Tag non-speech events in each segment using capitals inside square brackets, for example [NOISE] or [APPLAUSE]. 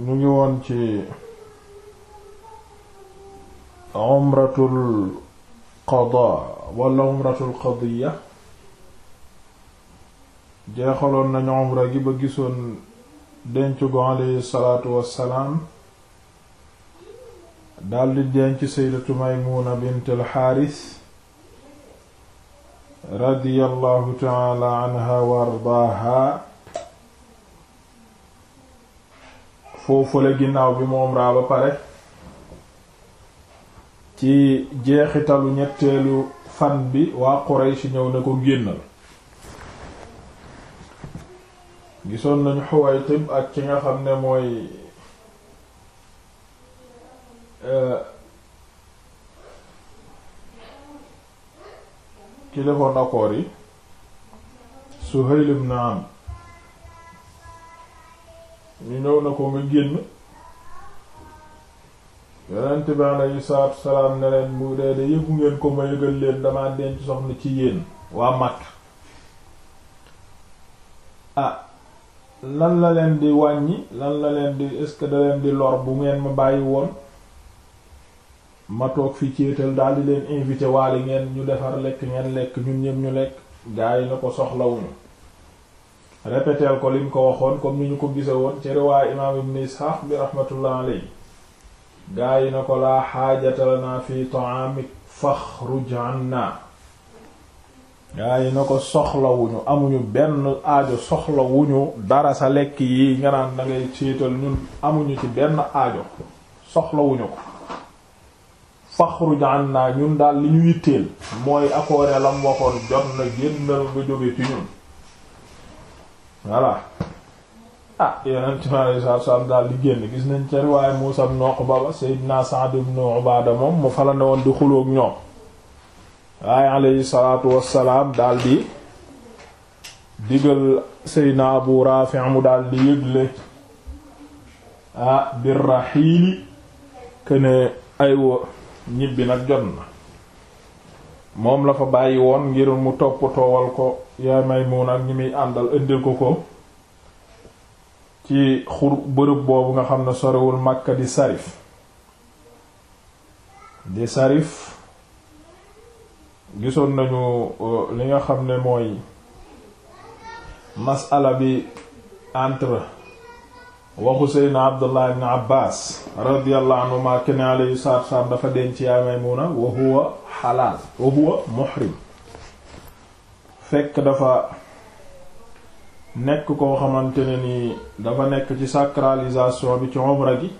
ñu ngi woon ci umratul qadaa wala umratul qadiya jeexaloon nañu umra gi ba gisoon denc gu alayhi salaatu wassalaam daldi denc sayyidatu Maymuna bint al-Haaris radiyallahu ta'ala anha wa ardaaha foofale ginnaaw bi moom umra ba pare ci jeexitalu ñetteelu fan bi waa si ñëw ne ko génnal gisoon nañu Xuwaytib ak ki nga xam ne mooy euh, ki defoon yi Suhayl ibn Amr ñu ñëw na ko nga génn yonent bi alayhi salaatu salaam bu dee de yëgu ngeen ko ma yëgal leen damaa denc soxna ci yéen waa Makka ah lan la leen di wàññi lan la leen di est-ce da leen di lor bu ngeen ma bàyyi woon ma toog fi céetal dal di leen invité waale ngeen ñu defar lekk ngeen lekk ñun ñëpp ñu lekk gaa yi na ko soxlawuñu répéteel ko lim ko waxoon comme ni ñu ko gise woon ci riwaay imaam ibn isxaaq bi rahmatullah alayhi gaa yi na ko laa xaajata naa fi ta'amik faxruj anna yi na ko soxlawuñu amuñu benn aajo soxlawuñu dara sa lekk yi nga naan da ñun amuñu ci benn aajo soxlawuñu ko faxruj anna ñun daal li ñu yitteel mooy akoore lam waxoon jot na génnal nga jóge ci ñun voilà ah yonent mi alayhi salaatu salaam di génn gis nañ ca riwaaye Muusaa ibn Uqba ba Seydina Sa'd ibn Ubaada moom mu fala ne woon di xuloog ñoom waaye alayhi salaatu wassalaam daal di digal Seydina Abu Raafi mu daal di yëgle ah bir raxiili këne aywa ñibbi nag jot na moom la fa bàyyi woon ngir mu toppatoowal ko yaay Maymuna ak ñi muy àndal indil ko ko ci xur bërëb boobu nga xam ne sorewul Makka di Sarif di Sarif gisoon nañu uh, li nga xam ne mooy masala bi entre waxu Seydina Abdullah ibn Abbas radiyallahu anhuma kene alayhi salaatu wa salaam dafa denc yaay Maymuna wa huwa xalaal wa fekk dafa nekk koo xamante ne ni dafa nekk ci sacralisation bi ci umra gi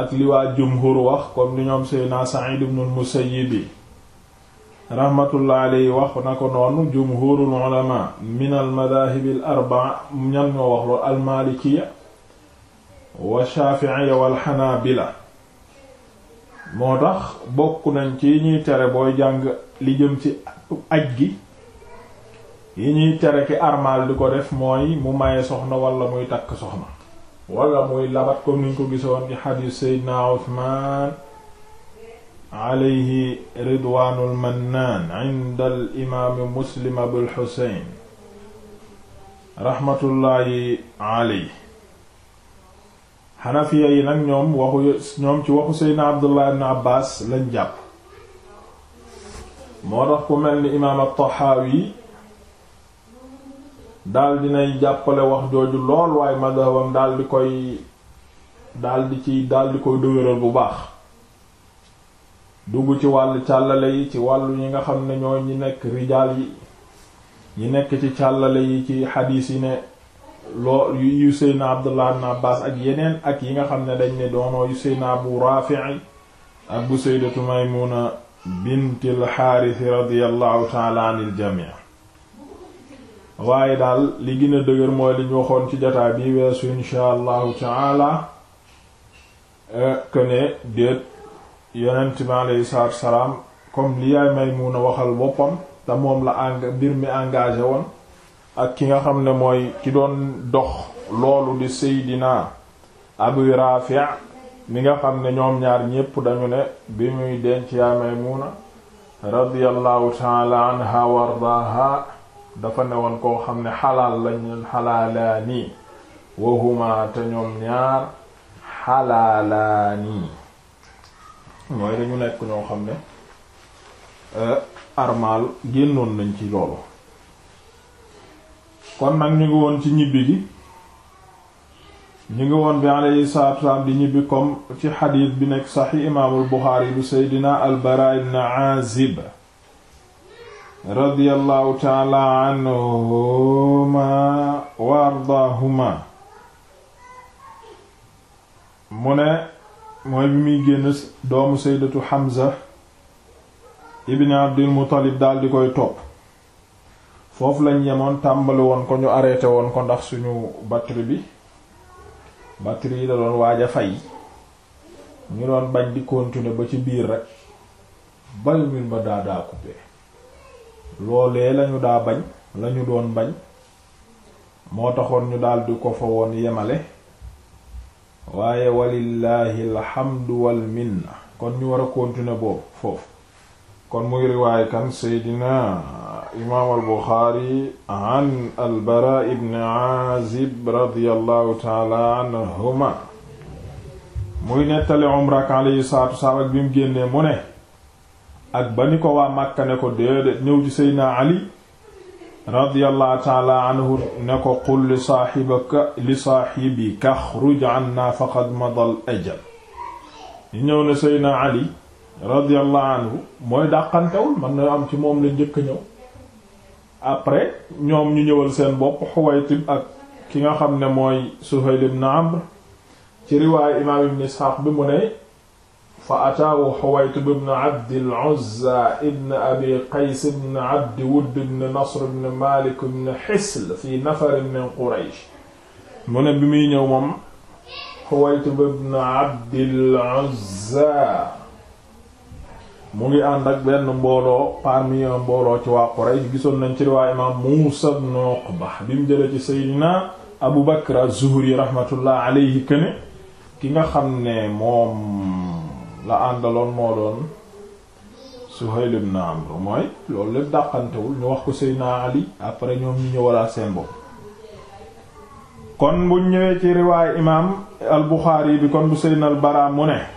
ak li waa jumhur wax comme li ñoom Seydina Sa'id ibn al-Musayyib rahmatullah alayhi wax na ko noonu jumhurul ulama min al madahibi ñan ñoo wax loolu al malikiya wa shafi'iyya wal hanabila moo tax bokk nañ ci ñuy tere booy jàng li jëm ci aj gi yi ñuy tere ki armal di ko def mooy mu maye soxna walla muy takk soxna wala muy labat comme niñ ko gisoon ci xadiis Seydina Usmaan alayhi ridwaanul mannaan inda al imaami Muslim Abul Xuseyn raxmatullaahi alayhi xanafiya yi nag ñoom waxu ñoom ci waxu Seydina Abdullah ibn Abbaas lañ jàpp moo tax ku mel ni imaam at-Tahawi daal dinay jàppale wax jooju lool waaye mazhabam daldi koy daldi ci daldi di koy dëgëral bu baax dugg ci wàll càllale yi ci wàll yi nga xam ne ñoo ñi nekk rijaal yi ñi nekk ci càllale yi ci xadiis yi ne lool yu seyna Abdullah ibn Abbas ak yeneen ak yi nga xam ne dañ ne doonoo yu seyna Abu Rafi' ak bu sayyidatu Maymuna binti alxaaris radiallahu taala an iljamii waaye daal li gën dëgër mooy li waxoon ci jataa bi weesu insha allahu taala këne e, déet yonent bi aleyhi salaatu salaam comme li yaay Maymuna waxal boppam te moom la eng mbir mi engagé woon ak ki nga xam ne mooy ki doon dox loolu di Seydina Abu Rafi' mi nga xam ne ñoom ñaar ñépp dañu ne bi muy denc yaa Maymuna radiyallahu taala anha wa dafa ne woon koo xam ne xalaal lañu xalaalaani wahuma te ñoom ñaar xalaalaani mooy dañu nekk ñoo xam ne eh, armaal génnoon nañ ci loolu kon nag ñu ngi woon ci ñibbi gi ñu ngi woon bi alayhi ci xadiis bi nekk saxi imaamul buxaari bu seydina albara ibn aazib radiyallahu taala anhuma wa ardaahuma mu ne mooy bi muy génn doomu seydatu Hamza ibn Abdul Muttalib daal di koy topp foofu lañ yemoon tàmbali woon ko ñu arrêté woon ko ndax suñu batterie bi batterie yi da doon waaj a fay ñu doon bañ di continuer ba ci biir rek bayu min ba daa loolee lañu daa bañ lañu doon bañ moo taxoon ñu daldi ko fa woon yemale waaye walillahi alhamdu wal kon ñu war a continuer boobu foofu kon muy riwaay kan seydina imaam al-Buxaari ibn Aazib radiyallahu taala anhuma muy nettali mu génnee mu Ali radiyallahu taala anhu ne ko qul li saaxibaka li saaxibika xruj anna faqad madal ajal ñu ñëw ne Seydina Ali radiyallahu anhu mooy dàqantewul man na am ci moom la njëkk ñëw après ñoom ñu ñëwal seen bopp Xuwaytib ak ki nga xam ne mooy Suhayl ibn Amr ci riwaayu imaam ibn Isxaaq bi mu ne fa ataahu Xuwaytib ibn Abd al-Uzza ibn Abi Qays ibn Abd Wudd ibn Nasr ibn Malik ibn Hisl fi nafar min Quraysh mu ne bi muy ñëw moom Xuwaytib ibn Abd al-Uzza mu ngi ànd ak benn mbooloo parmi mbooloo ci waa Quraysh gisoon nañ ci riwaay imaam Muusa ibn Uqba bi mu jëlee ci Seydina Abu Bakr az-Zuhri rahmatullah alayhi këne ki nga xam ne moom la àndaloon moo doon Suhayl ibn Amr mooy loolu lépp dàqantewul ñu wax ko Seydina Ali après ñoom ñu ñëwalaat seen bopp kon bu ñëwee ci riwaay imaam al Buxaari bi kon bu Seydina al mu ne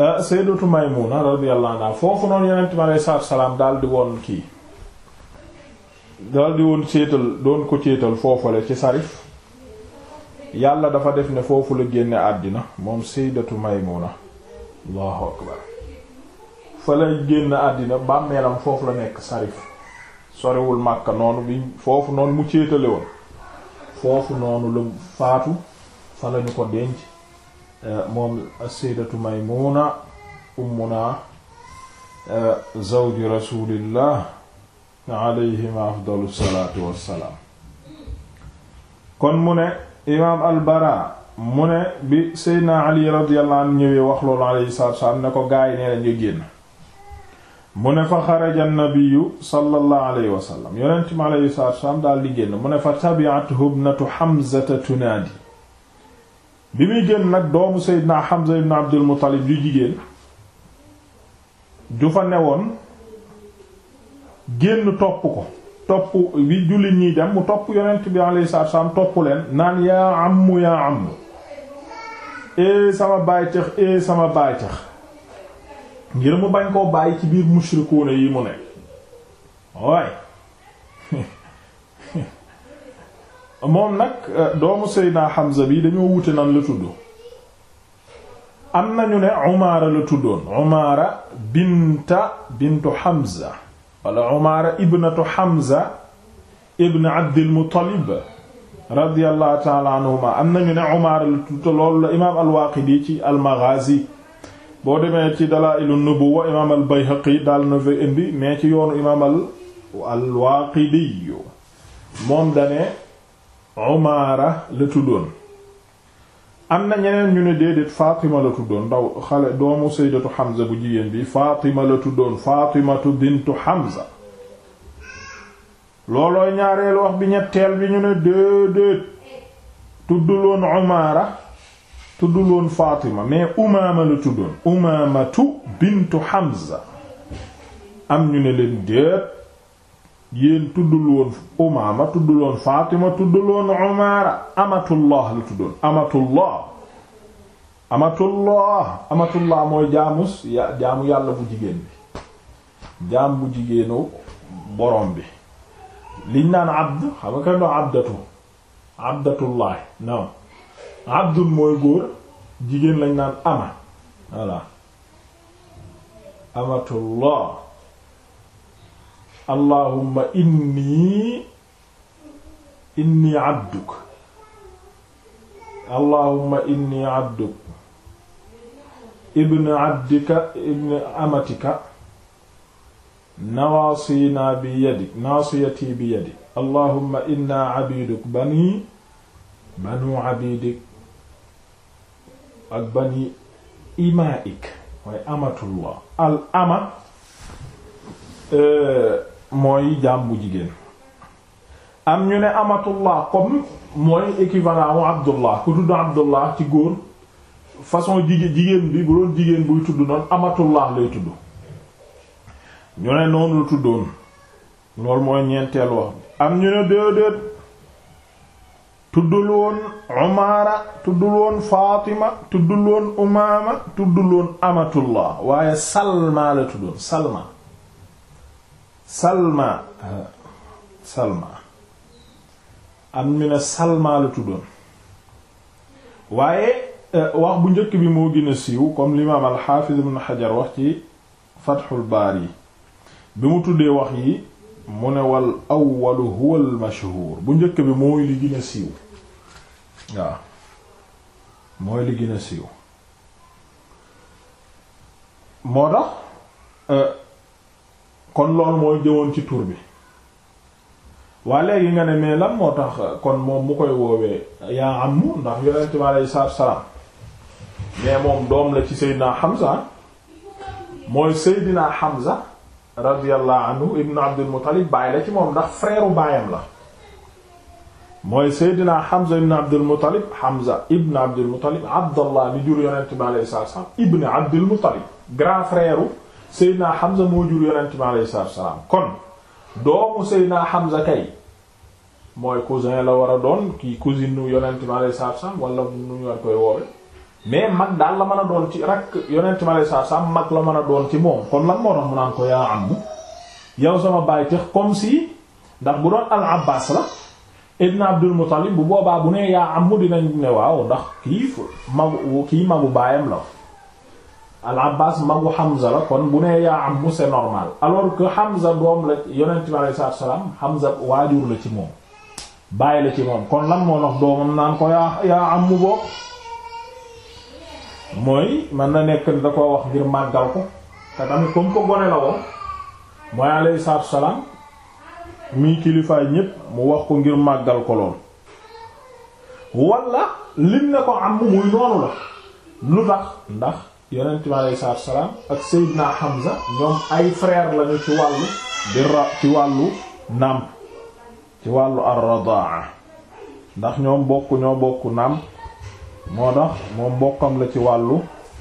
Euh, sayyidatu Maymuna radiyallahu anha foofu noonu yonent bi alayhi salaam daal di woon kii daal di woon séetal doon ko séetal foofule ci sarif yàlla dafa def ne foofu la génne àddina moom sayyidatu Maymuna allahu akbar fa la génne àddina bàmmeelam foofu la nekk sarif sorewul Màkka noonu bi foofu noonu mu séetale woon foofu noonu la faatu fa lañu ko denc moom as-sayyidatu Maymuna ummuna e, zawju rasulillah alayhima afdalu salaatu wassalaam kon mu ne imaam al-Bara mu ne bi Seydina Ali radiyallahu anhu ñëwee wax loolu alayhi salaatu wassalaam ne ko gaay nee lañu génn mu ne fa xaraja nabiyu sallallahu alayhi wa sallam yonent mi alayhi salaatu wassalaam daal di génn mu ne fa tabi'athu ibnatu Hamzata tunaadi bi muy génn nag doomu Seydina Hamza ibn Abdul Muttalib ju jigéen ju fa woon génn topp ko topp bi jullit ñiy dem mu topp yonent bi alayhi salaatu topp leen naan yaa ammu yaa ammu ee eh sama baay tax ee eh sama baay tax ngir mu bañ koo bàyyi ci biir mushrikuuna yi mu nekk waaye moom nag euh, doomu Seydina Hamza bi dañoo wute nan la tudd am nañu ne Umaara la tuddoon Umaara binta bintu Hamza wala Umaara ibnatu Hamza ibn Abdil Muttalib radiyallahu ta'ala anhuma am nañu ne Umaara la tudd loolu la imaam al-Waaqidi ci al boo demee ci Dalaa'ilu Nubuwwa imaam mais ci yoonu imaam al moom dane Umaara la tuddoon am na ñeneen ñu ne déedéet Fatima la tuddoon ndaw xale doomu sayyidatu Hamza bu jigéen bi Fatima la tuddoon Fatimatu bintu Hamza loolooy ñaareelu wax bi ñetteel bi ñu ne déedéet tudduloon Umaara tudduloon Fatima mais Umaama la tuddoon Umaamatu bintu Hamza am ñu ne leen déet yéen tuddul woon umaama tuddul woon faatima tuddul woon umaara amatullah la tuddoon amatullah amatullah mooy jaamus ya jaamu yàlla bu jigéen bi jaam bu jigéenu borom bi liñ naan abd xam nga no abdatu abdatullah non abdul mooy góor jigéen lañ naan ama voilà amatullah allahumma inni inni abduk allahumma inni abduk ibn abdika ibn amatika nawaasina bi yadik naasiyati bi yadik allahumma inna abiduk bani banu abidik ak bani imaik waaye amatullah al ama eh, mooy jaam jigéen am ñu ne amatullah comme mooy équivalent abdullah ku tudd abdullah ci góor façon jigéen jigéen bi bu doon jigéen buy tudd noonu amatullah lay tudd ñu ne noonu la tuddoon loolu mooy ñeenteel wax am ñu ne déedéet tuddul woon umaara tuddul woon fatima tuddul woon umaama tuddul woon amatullah waaye salma la tuddoon salma salma am ñu ne salma la tuddoon waaye eh, wax bu njëkk bi moo gin a siiw comme l'imam al-Hafiz ibn wax ci Fathul Bari bi tuddee wax yi mu ne wal awwalu huwa bu njëkk bi mooy li gën a siiw waaw mooy li gën a siiw moo tax eh, kon loolu mooy jëwoon ci tuur bi waa léegi nga ne mais la moo tax kon moom mu koy woowee yaa am ndax yonent bi aleyhi salaatu wa salaam mais moom doom la ci Seydina Hamza mooy Seydina Hamza radiyallahu anhu ibnu Abdul Muttalib baay la ci moom ndax frère baayam la mooy Seydina Hamza ibnu Abdul Muttalib Hamza ibnu Abdul Muttalib Abdallah mi jur yonent bi aleyhi salaatu wa salaam ibnu Abdul Muttalib grand frère Seydina Hamza moo jur yonent bi alayhi salaatu wa salaam kon doomu Seydina Hamza kay mooy cousin la war a doon kii cousine nu yonent bi alayhi salaatu wa salaam wala nu ñu war koy woowe mais mag daal la mën a doon ci rak yonent bi alayhi salaatu wa salaam mag la mën a doon ci moom kon lan moo tax mu naan ko yaa am yow sama baay tax comme si ndax bu doon al Abbas la ibn Abdul Muttalib bu boobaa bu nee yaa am dinañ ne waaw ndax kii magu kii magu baayam la. al magu Hamza la kon bu nee yaa am mu c'est normal alors que doom la yonent bi alayhi salaatu salaam waajur la ci moom bàyyi la ci moom kon lan moo tax doomam naan ko yaa yaa am mu bokk mooy mën na nekk da koo wax ngir màggal ko te tamit comme ko gone la woon mooy alayhi salaatu mii kilifaay ñépp mu wax ko ngir màggal ko lool wala lim ne ko am muy noonu la lu tax ndax. yonent bi aleyhi salaam ak Seydina Hamza ñoom ay frère lañu ci wàllu di ra ci wàllu nàmp ci wàllu ar ndax ñoom bokk ñoo bokk nàmp moo tax moom bokkam la ci wàllu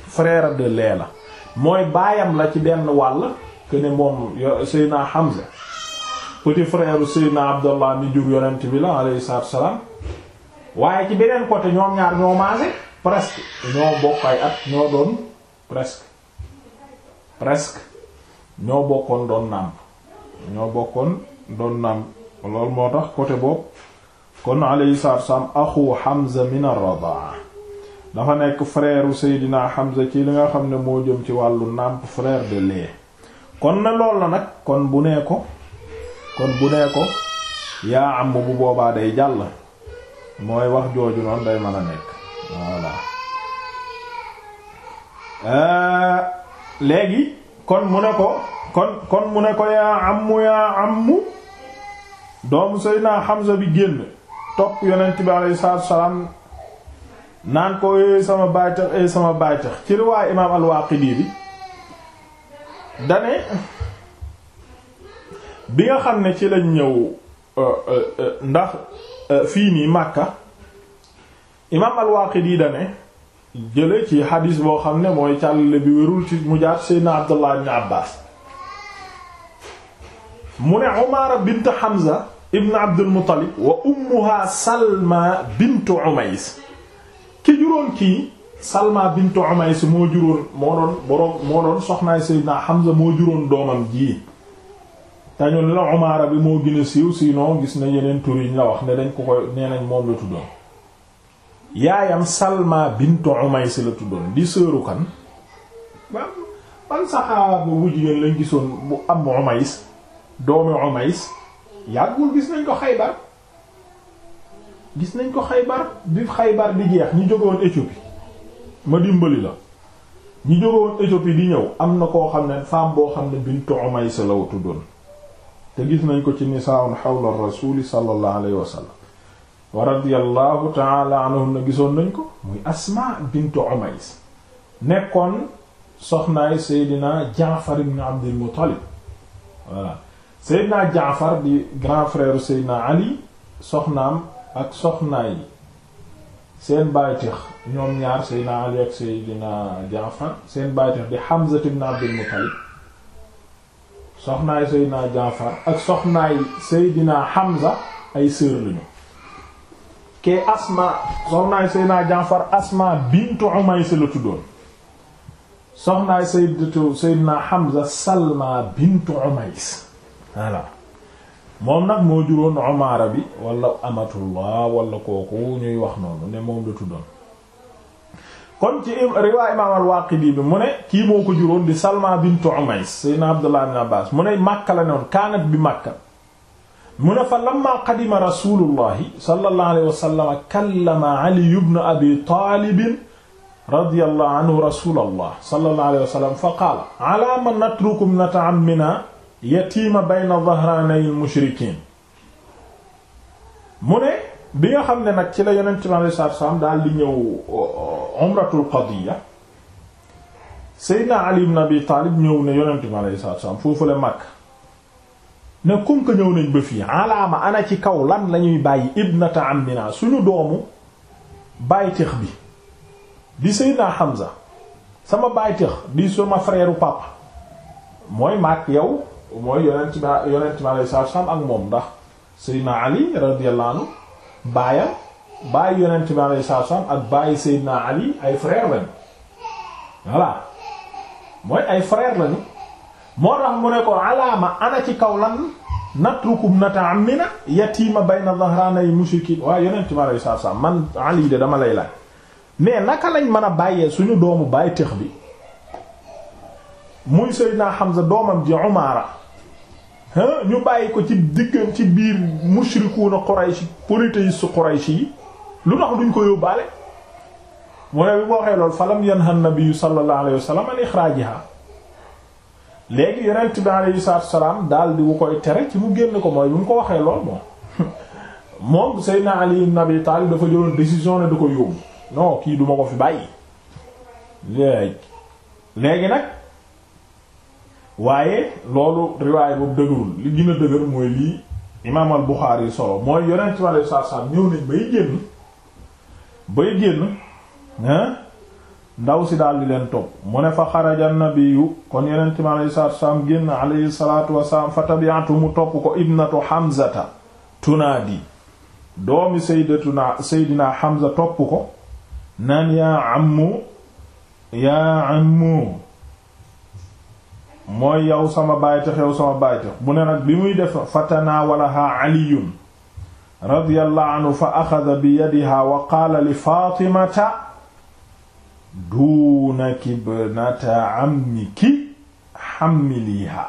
frère de lait la mooy baayam la ci benn wàll que ne moom Seydina Hamza petit frère Seydina Abdallah mi jur yonent bi la aleyhi salaatu wa salaam waaye ci beneen côté ñoom ñaar ñoo maase presque ñoo bokk at ñoo doon. presque presque ñoo bokkoon doon nàmp ñoo bokkoon doon nàmp lool moo tax côté boobu kon alayhi salaatu wassalaam axu Hamza min ar-radaa dafa nekk frère Seydina Hamza ci li nga xam ne moo jëm ci wàllu nàmp frère de lait kon ne lool la nag kon bu nee ko kon bu nee ko yaa am bu boobaa day jàll mooy wax jooju noonu day mën a nekk voilà Euh, léegi kon mu ne ko kon kon mu ne ko yaa ammu yaa ammu doomu Seydina Hamza bi génn topp yonent bi alayhi salaatu salaam naan ko eey sama baay tax sama baay tax ci riwaay imaam al-Waaqidi bi dane bi nga xam ne ci lañ ñëw euh, euh, ndax fii nii Makka imaam al-Waaqidi dane jële ci xadiis boo xam ne mooy càll bi wérul ci mu jaar seydna abdullah ibn abbas mu ne umaara bint hamza ibn abdul muttalib wa ummuha salma bint umays ki juróon kii salma bint umays moo juróon moo doon boroom moo doon soxnaay seydna hamza moo juróon doomam jii tañu la umaara bi moo gën a siiw sinon gis na yeneen tur yi ñu la wax ne dañ ko koy nee nañ moom la tuddoon yaayam Salma bint Umays la tuddoon di sëru kan ban saxaaba bu jigéen lañ gisoon bu am Umays doomi Umays yàggul gis nañ ko Xaybar gis nañ ko Xaybar bi Xaybar di jeex ñu jógoon Éthiopie ma dimbali la ñu jógoon Éthiopie di ñëw am na koo xam ne femme boo xam ne bint Umays la tuddoon te gis nañ ko ci nisaa'un hawla rasuuli sallallahu alayhi wa wa radiyallahu ta'ala anhum na gisoon nañ ko muy asma bintu umays nekkoon soxnaay seydina jaafar ibn abdul muttalib voilà seydina jaafar di grand frère seydina ali soxnaam ak soxnaay seen bàytex ñoom ñaar seydina ali ak seydina jaafar seen bàytex di hamza ibn abdul muttalib soxnaay seydina jaafar ak soxnaay seydina hamza ay sœur kee asma soxnaay Seydina Jaafar asma bintu Umays la tuddoon soxnaay Sayyidatu Hamza Salma bintu Umays voilà moom nag moo juróon Umaara bi wala Amatullah wala kooku ñuy wax noonu ne moom la tuddoon kon ci riwaay imaam al bi mu ne kii moo ko juróon di Salma bintu Umays Seydina Abdullah ibn Abbaas mu ne Makka la ne woon kaanat bi Makka mu ne fa lamma qadima rasulullahi sallallahu alayhi wa sallam kallama Ali ibn Abi Talib radiyallahu anhu rasulallah sallallahu alayhi wa sallam fa qaala ala man natruku ibnata ammina yatiima bayna dhahranay al-mushrikiin mu ne bi nga xam ne nag ci la yonent bi alayhi salaatu wa salaam daal di ñëw uh, umratul qadiya Seydina Ali ibn Abi Talib ñëw ne yonent bi alayhi salaatu wa salaam foofu la Makka ne comme que ñëw nañ ba fii alaama ana ci kaw lan la ñuy bàyyi ibnata amina suñu doomu bàyyiteex bi di Seydina Hamza sama bàyyiteex di sama freeru papa mooy maak yow mooy yonent ma yonent ma ak moom ndax Seydina Ali radiyallahu anhu baayam baay yonent ma lay saa saam ak Ali ay frère lañu voilà mooy ay frère lañu. moo tax mu ne ko alaama ana ci kaw lan natrukum nata'ammina yatiima bayna dhahranay mushrikiin waaye yonent mi alayhi salaatu salaam man Ali de dama lay laaj mais naka lañ mën a bàyyee suñu doomu bàyyi tëx bi muy Seydina Hamza doomam ji Umaara ñu ko ci diggam ci biir mushrikuuna Quraysh polythéistes Quraysh yi lu tax duñ ko yóbbaale mu ne bi boo xee loolu falam yanha an-nabiyyu sallallahu alayhi wa sallam an ixraajihaa léegi yonent bi alayhi salaatu salaam daal di wu koy tere ci mu génn ko mooy bu mu ko waxee lool moom [LAUGHS] moom Seydina Ali ibn Abi Talib dafa jëloon décision ne du ko yóbbu non kii duma ko fi bàyyi léegi léegi nag waaye loolu riwaay boobu dëgërul li gën a dëgër mooy lii imaam al Buxaari solo mooy yonent bi alayhi salaatu salaam ñëw nañ bay génn bay génn hein ndaw si daal di leen topp mu fa xaraja nabiyu kon yonent mi alayhi salaatu wasalaam génn alayhi fa tabi'atu mu topp ko ibnatu Hamzata tunaadi doomi sayyidatuna sayyidina Hamza topp ko naan yaa ammu yaa ammu mooy yow sama bàytax yow sama bàytax bu ne nag bi muy def fatanaawalahaa Aliyun radiyallahu anhu fa axada bi yadihaa wa qaala li Faatimata duuna kibnata ammiki xammiliha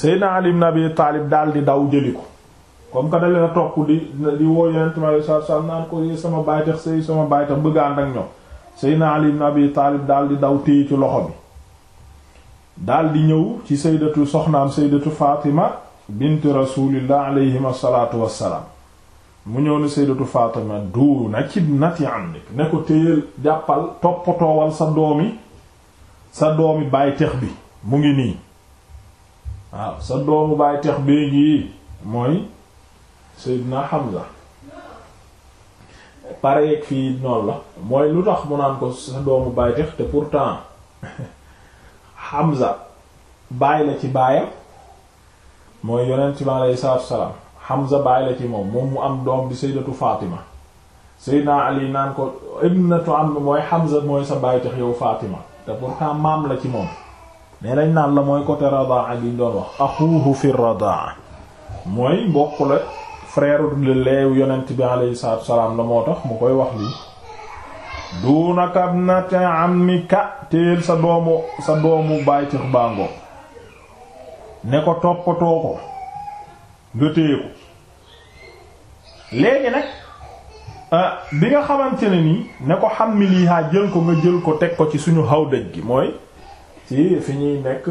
seydna ali ibn abi taalib daal di daw jëli ko comme que da sëy sama baay tax loxo bi daal ci saydatu soxnaam saydatu bint rasulillah alayhim asalaatu wassalaam mu ñëw ne sayyidatu Fatima duuna ibnati amik ne ko téyel jàppal toppatoowal sa doomi sa doomi baay tex bi mu ngi nii waaw sa doomu baay tex bee ngi mooy Seydina Hamza pare yeeg fii noonu la mooy lu tax mu naan ko sa doomu baay tex te pourtant [LAUGHS] Hamza baay la ci baayam mooy yonent bi aleyhi salaatu salaam Hamza bàyyi la ci moom moom mu am doom bi sayyidatu Fatima sayyidina Ali naan ko ibnatu am mooy Hamza mooy sa bàyyi tax yow Fatima te pourtant maam la ci moom mais dañ naan la mooy côté radaa gi ñu doon wax axuuhu fi radaa mooy mbokk la frère le leew yonent bi alayhi salaam la moo tax mu koy wax lii dunaka ibnati ammika téel sa doomu sa doomu bàyyi tax bàngoo ne ko toppatoo ko nga téye ko léegi nag ah, bi nga xamante ne nii ne ko xam mi lii jël ko nga jël ko teg ko ci suñu xaw dëj gi mooy ci fi ñuy nekk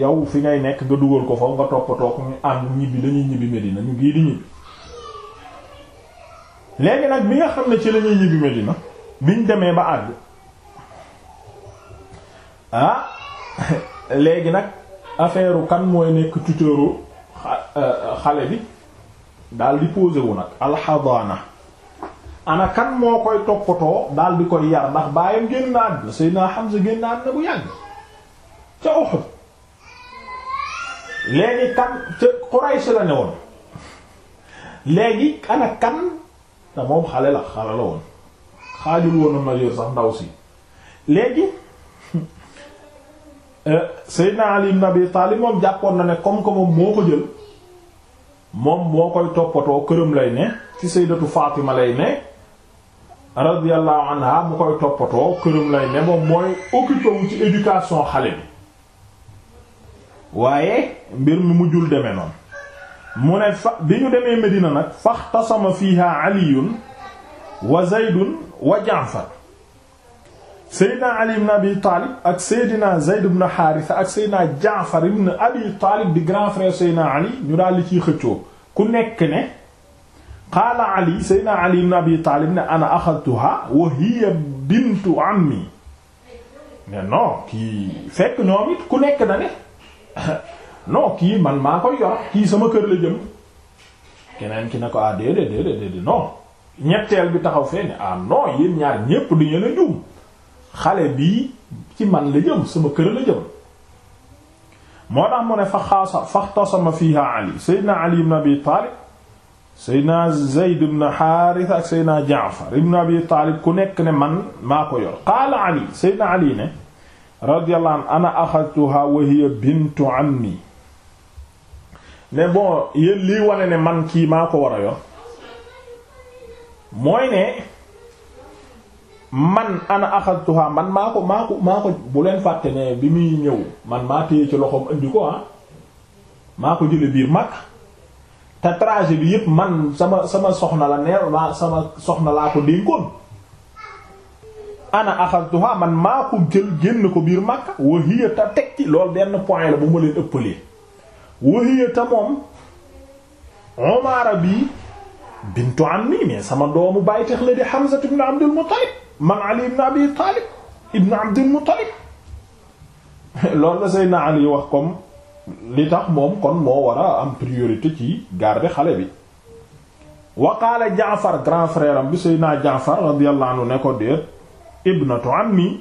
yow fi ngay nekk nga dugal ko foofu nga toppatoo ko ñu ànd ñibbi dañuy ñibbi Medina ñu gii di ñibbi léegi nag bi nga xam ne ci la ñuy ñibbi Medina biñ demee ba àgg ah [LAUGHS] léegi nag affaire kan mooy nekk tuteuru Euh, xale bi daal di posé wu nag alxadana ana moo koy toppatoo daal di koy yar ndax baayam génn na àddina Seydina Hamza génn na àddina bu yàgg ca Uhud léegi kan ca Quraysh la ne woon léegi ana te moom xale la xale la woon xaajul woon majeur sax ndaw si léegi [LAUGHS] euh, Seydina Ali ibn Abi Talib moom jàppoon na ne comme que moo ko jël moom moo koy toppatoo këram lay ne ci sayyidatu Fatima lay ne radiyallahu anha mu koy toppatoo këram lay ne moom mooy occupé wu ci éducation xale bi waaye mbir mi mujjul demee noonu mu ne fa bi ñu demee Medina nag faxtasama fiha aliyun wa zaydun wa jaafar Seydina Ali ibn Abi ak Seydina Zayd ibn Haarisa ak Seydina Jaafar ibn Abi Taalib grand frère Seydina Ali ñu daal di ciy xëccoo ku nekk ne qaala Ali Seydina Ali ibn Abi ne ana axadtuha wa hiya bintu ammi ne non kii fekk ñoom it ku nekk na ne [LAUGHS] non kii man maa koy yor kii sama kër la jëm keneen ki ne ko ah déedéet déedéet déedéet ñetteel bi taxaw fee ne ah non yéen ñaar ñépp du ñeen a juum xale bii ci man la jëm sama kër la jëm moo tax mu ne fa xaasa faxtasama fiha ali seydna ali ibn abi taalib seydna zeyd ibn xaaris ak seydna jaafar ibn abi taalib ku nekk ne man maa ko yor qaala ali seydna ali ne radiyallahu ana axadtuha wa hiya bintu ammi ne bon yéen lii wane ne man kii maa ko war a yor mooy ne man ana axadtuha man maa ko maa ko maa ko bu leen fàtte ne bi muy ñëw man maa téye ci loxoom indi ko ah maa ko jële biir mag te trajet bi yépp man sama soxna la neer waa sama soxna laa ko dénkoon ana axadtuha man maa ko jël génn ko biir Makka wa hiya ta teg ci loolu benn point la bu ma leen ëppalee wa hiya ta moom Umaara bi bintu ammi mais sama doomu bàyyi tax la di Hamza ibn Abdul Muttalib man Ali ibn Abi Talib ibn Abdul Muttalib [LAUGHS] loolu la Ali wax comme li tax moom kon moo war a am priorité ci garder xale bi wa qaala Jaafar grand frère bi Seydina Jaafar radiyallahu anhu ne ko déet ibnatu ammi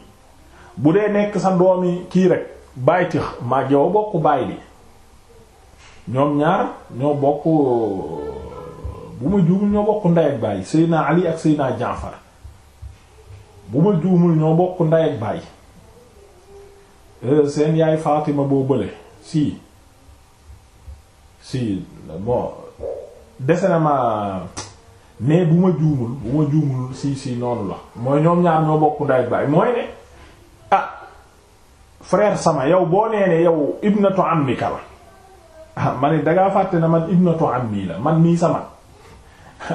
bu dee nekk sa doomi kii rek bàyyi ci maa jow bokk bàyyi bi ñoom ñaar ñoo bokk bu ma juumul ñoo bokk ndey ak bàyyi Seydina Ali ak Seydina Jaafar bu ma juumul ñoo bokk ndey ak baay euh, seen yaay Fatima boo bële si si bon dese na ma mais bu ma juumul bu ma juumul si si noonu la mooy ñoom ñaar ñoo bokk ndey ak baay mooy ne ah frère sama yow boo nee ne yow ibnatu ammika la ah ma ne dangaa fàtte na man ibnatu ammi la man mii sama [LAUGHS]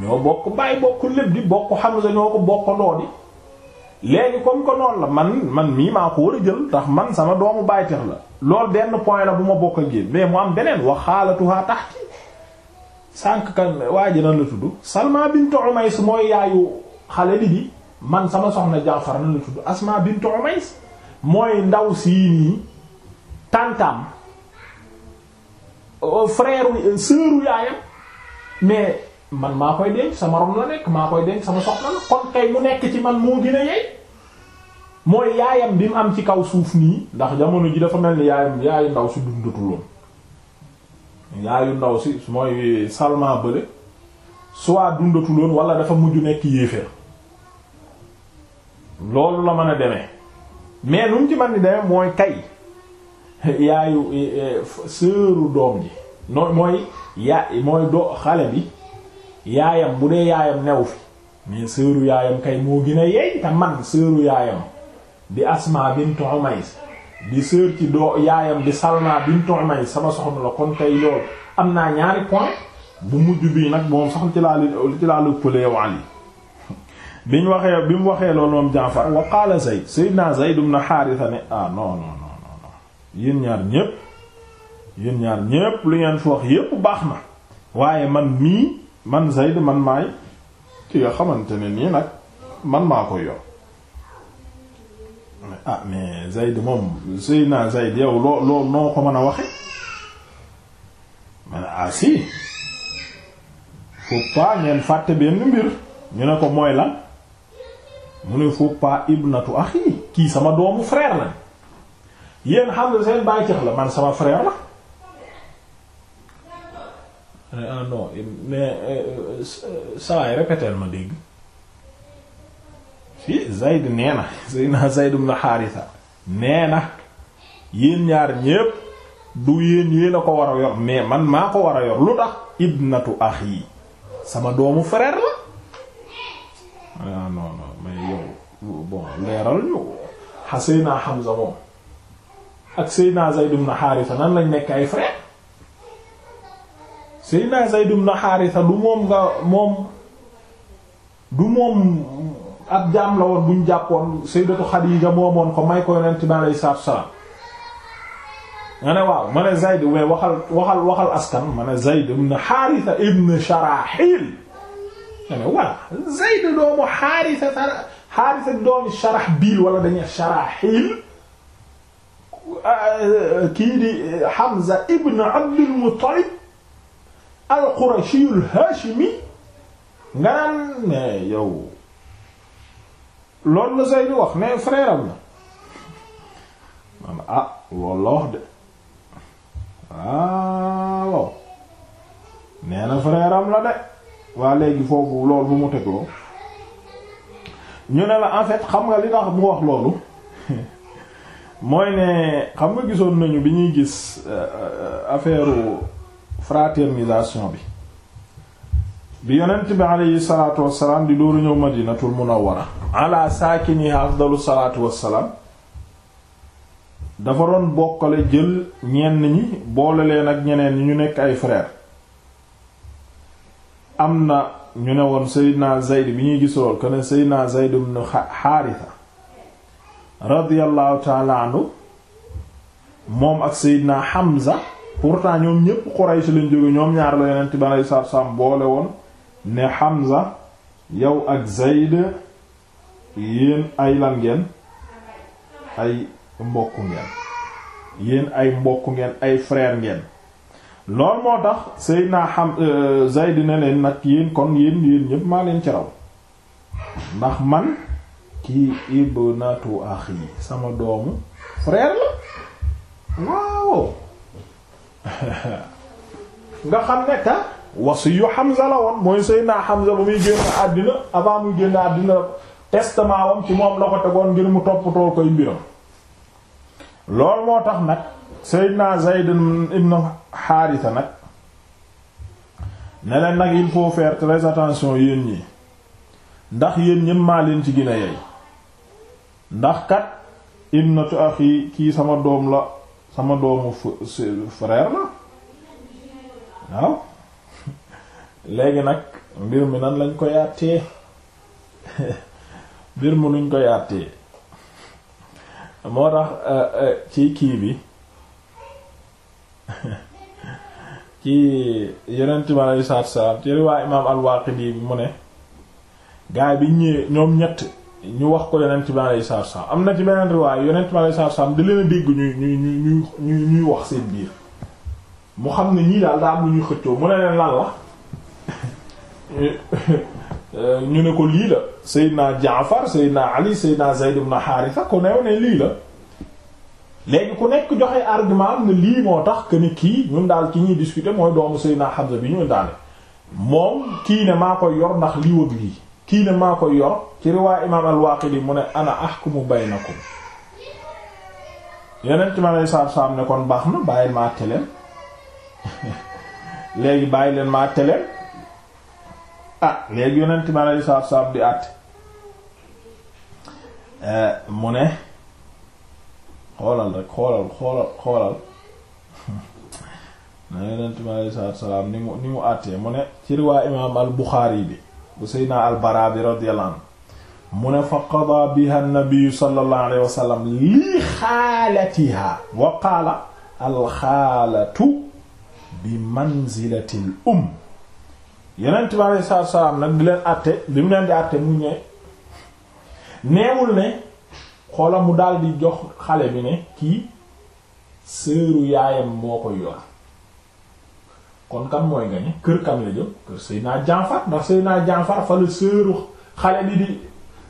ñoo bokk baay bokk lépp di bokk Hamza ñoo ko bokkandoo di léegi comme ko noonu la man man mii maa ko war a jël ndax man sama doomu bàytex la loolu benn point la bu ma bokk ak yéen mais mu am beneen wa xaalatuhaa taxti sànq kan waa ji nan la tudd Salma bint Umays mooy yaayu xale bi bi man sama soxna Jaafar nan la tudd Asma bint Umays mooy ndaw sii nii tantam euh, frère euh, sœuru yaayam mais man maa koy denc sama rom la nekk maa koy denc sama soxna la kon kay mu nekk ci man moo gën a yey mooy yaayam bi mu am ci kaw suuf nii ndax jamono ji dafa mel ni yaayu ndaw si dundatuloon yaayu ndaw si mooy Salma bële soit dundatuloon wala dafa mujj nekk yéeféer loolu la mën a demee mais nu mu ci man di demee mooy kay yaayu eh, eh, seeru doom ji noo mooy ya mooy do xale bi yaayam bu dee yaayam new fi mais sëru yaayam kay moo gën a yeey te man sëru yaayam di Asma bint Umays di sër ci doo yaayam di Salma bint Umays sama soxna la kon tey loolu am naa ñaari point bu mujj bii nag moom sax ci laa li ci laa lëppale yi biñ waxee bi mu waxee loolu moom Jaafar wa qaala Zayd sayyidna Zayd ibn Haaritha ne ah non non non non ñaar ñépp yéen ñaar ñépp lu ngeen fi wax yépp baax na waaye man mii man Zayd man maay ki nga xamante ne nii nag man maa koy yor ah mais Zayd moom sëy naa Zayd yow loo loo ko mën a waxe man ah si faut ngeen fàtte benn mbir ñu ne ko mooy la mu ne faut pas ibnatu axi kii sama doomu frère la yéen xam nga seen bàyyi la man sama frère la Eh, ah non eh, mais eh, saa yi répéter ma dégg fii Zayd nee na Seydina [LAUGHS] Zayd ibn Haarisa nee na yéen ñaar ñépp du yéen yéen a ko war a yor mais man maa ko war a yor lu tax ibnatu axi sama doomu frère la ah non non mais yow bon leeral ñu Seydina Hamza moom ak Seydina Zayd ibn Haarisa nan lañ nekk ay frère Seydina Zayd ibn Haarisa du moom nga moom du moom ab jaam la woon buñ jàppoon Sayyidatu Xadiija moomoon ko may ko yonent bi alayhi salaatu salaam ma ne waaw ma ne Zayd mais waxal waxal waxal askan ma ne Zayd ibn Haarisa ibn Sharaxiil ma ne voilà Zayd doomu Haarisa Haarisa doomu Sharaxbiil wala dañuy Sharaxiil kii di Hamza ibn Abdul Muttalib alqurashiyul haashimi nga naan mais yow loolu la say di wax ne frère am na man ah loolu la wax de waaw nee na de waa léegi foofu loolu bu mu tegloo ñu ne la en fait xam nga li tax mu wax loolu [LAUGHS] mooy ne xam nga gisoon nañu bi ñuy gis euh, euh, affaire. fraternisation bi bi yonent bi aleyhi salaatu wassalaam di dooru ñëw madinatul munawwara ala saakini afdalu salaatu wassalaam dafa doon bokkale jël ñenn ñi boole leen ak ñeneen ñi ñu nekk ay frère am na ñu ne woon seydina zayd bi ñuy gis lool kon seydina zayd ibn xaarisa radiyallahu taala moom ak na hamza pourtant ñoom ñépp Quraysh lañ jóge ñoom ñaar la yonent bi aleyhi salaatu boole woon ne Hamza yow ak Zayd yéen ay ngeen ay mbokk ngeen yéen ay mbokk ngeen ay frère ngeen loolu moo tax Seydina Ham euh, Zayd ne leen nag yéen kon yéen yéen ñépp maa leen ci ndax man kii ibnatu axi sama doomu frère la waaw [LAUGHS] nga xam ne ta wasiyu Hamza la woon mooy Seydina Hamza ba muy génn àddina avant muy génn àddina testament wam ci moom la ko tegoon ngir mu toppatoo koy mbiram loolu moo tax nag Seydina Zayd ibn Haritha nag ne nag il faut faire très attention yéen ñi ndax yéen ñëpp maa ci gën yey ndax kat ibnatu akhi kii sama doom la sama doomu frère la waaw léegi nag mbir mi nan lañ ko yàttee [LAUGHS] mbir mi nuñ ko yàttee moo tax euh, euh, ci kii bi [LAUGHS] ci yeneen time alay saat salaam ci riwaa imaam al-Waaqidi mu ne gaay bi ñëwee ñoom ñett ñu wax ko yonent bi alayhi salaatu wa salaam am na ci beneen riwaay yonent bi alayhi salaatu wa salaam da leen a dégg ñuy ñuy ñuy ñuy ñuy wax seen biir mu xam ne ñii daal daa am lu ñuy xëccoo mu ne leen lan la [LAUGHS] ñu ne ko lii la Seydina Jaafar Seydina Ali Seydina Zayd ibn Haarisa ku neew ne lii la léegi ku nekk joxe argument am ne lii moo tax que ni kii ñun daal ci ñuy discuter mooy doomu Seydina Hamza bi ñu daane moom kii ne maa koy yor ndax lii wëgg lii kii ne maa koy yor ci riwaay imaam al-Waaqidi mu ne ana bay baynakum ko ci ma lay saab saab ne kon baax na bàyyi maa teleem [LAUGHS] léegi bàyyi leen maa teleem ah léegi yeneen ci ma lay saab saab di àtt eh, mu ne xoolal rek xoolal xoolal na yeneen ma lay saab saab ni mu ni mu àttee mu ne ci riwaay imaam al-Buxaari bi bu seydna albara bi radiyallahu mu ne fa qadaa biha nabiu sallallahu alayhi wa sallam lii xaalatiha wa qaala alxaalatu bi manzilati l um yonent bi alei salatu salaam nag di leen àtte bi mu leen di àtte mu ñëw neewul ne xoola mu daal di jox xale bi ne kii seeru yaayam moo koy yor kon kan mooy gañe kër kan la jëm kër Seydina Jaafar ndax Seydina Jaafar fa la sëru xale bi di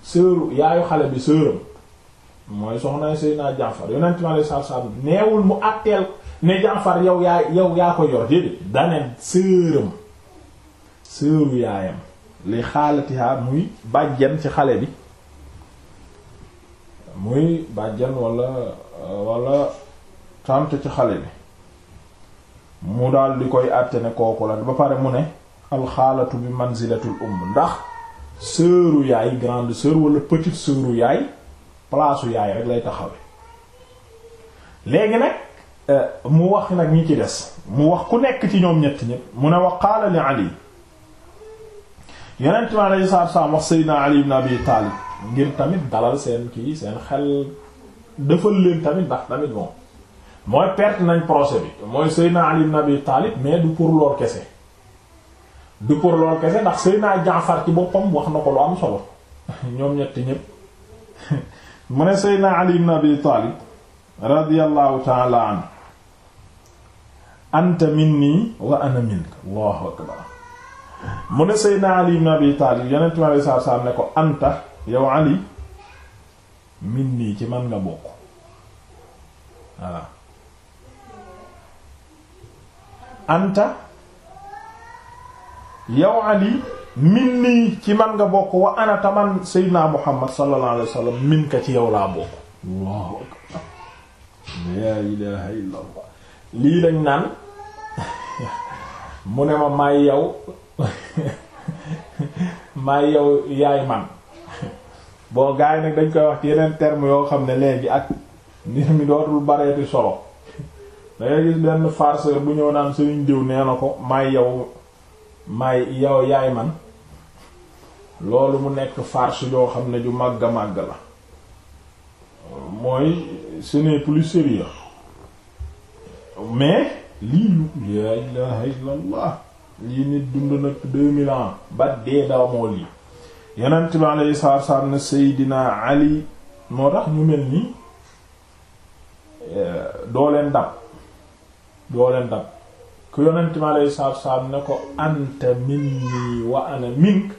sëru yaayu xale bi sëram mooy soxna Seydina Jaafar yonent mi alayhi salaatu salaam neewul mu àtteel ne Jaafar yow yaa yow yaa ko yor déedéet daneen sëram sëru yaayam li xaalatiha muy bàjjen ci xale bi muy bàjjen wala wala tante ci xale bi mu daal di koy àtte ne kooku la ba pare mu ne alxaalatu bi manzilatul umm ndax sœuru yaay grande sœur wala petite sœuru yaay palaasu yaay rek lay taxawe léegi nag euh, mu wax nag ñi ci des mu wax ku nekk ci ñoom ñett ñépp mu ne wa qaala li ali yonent mi alayhi salaatu wa salaam wax Seydina Ali ibn Abi Taalib ngir tamit dalal seen kii seen xel defal leen tamit ndax tamit bon mooy perte nañ procès bi mooy Seydina Ali ibn Abi Talib mais du pour lool kese du pour lool kese ndax Seydina Jaafar ci boppam wax na ko lu am solo [LAUGHS] ñoom ñett ñépp [LAUGHS] mu ne Seydina Ali ibn Abi Talib radiyallahu ta'ala anhu anta minni wa ana minka mu ne Seydina Ali ibn Abi Talib yonent mi alayhi salaatu ne ko anta yow Ali minni ci man nga bokk voilà anta yow ali min nii ci man nga bokk wa ana taman sayyidina muhammad sallallahu alayhi wasallam min ka ci yow laa bokk lii lañ naan [LAUGHS] mu ne ma maay yow [LAUGHS] maay yow yaay man boo gars yi nag dañ koy wax ci yeneen terme yoo xam ne léegi ak nit mi dootul bareeti solo dangay gis benn farceur bu ñëw naan sëriñ diw nee na ko may yow may yow yaay man loolu mu nekk farce yoo xam ne ju màgg màgg la mooy ce n'est mais lii lu la ilaha illallah lii nit dund nag deux mille ans ba dee daa moo lii yonent bi alayhi salaatu salaam ne Seydina Ali moo tax ñu mel nii eh, doo leen dab doo leen dab ku yonent mi alayhi salaatu salaam ne ko anta minni wa ana mink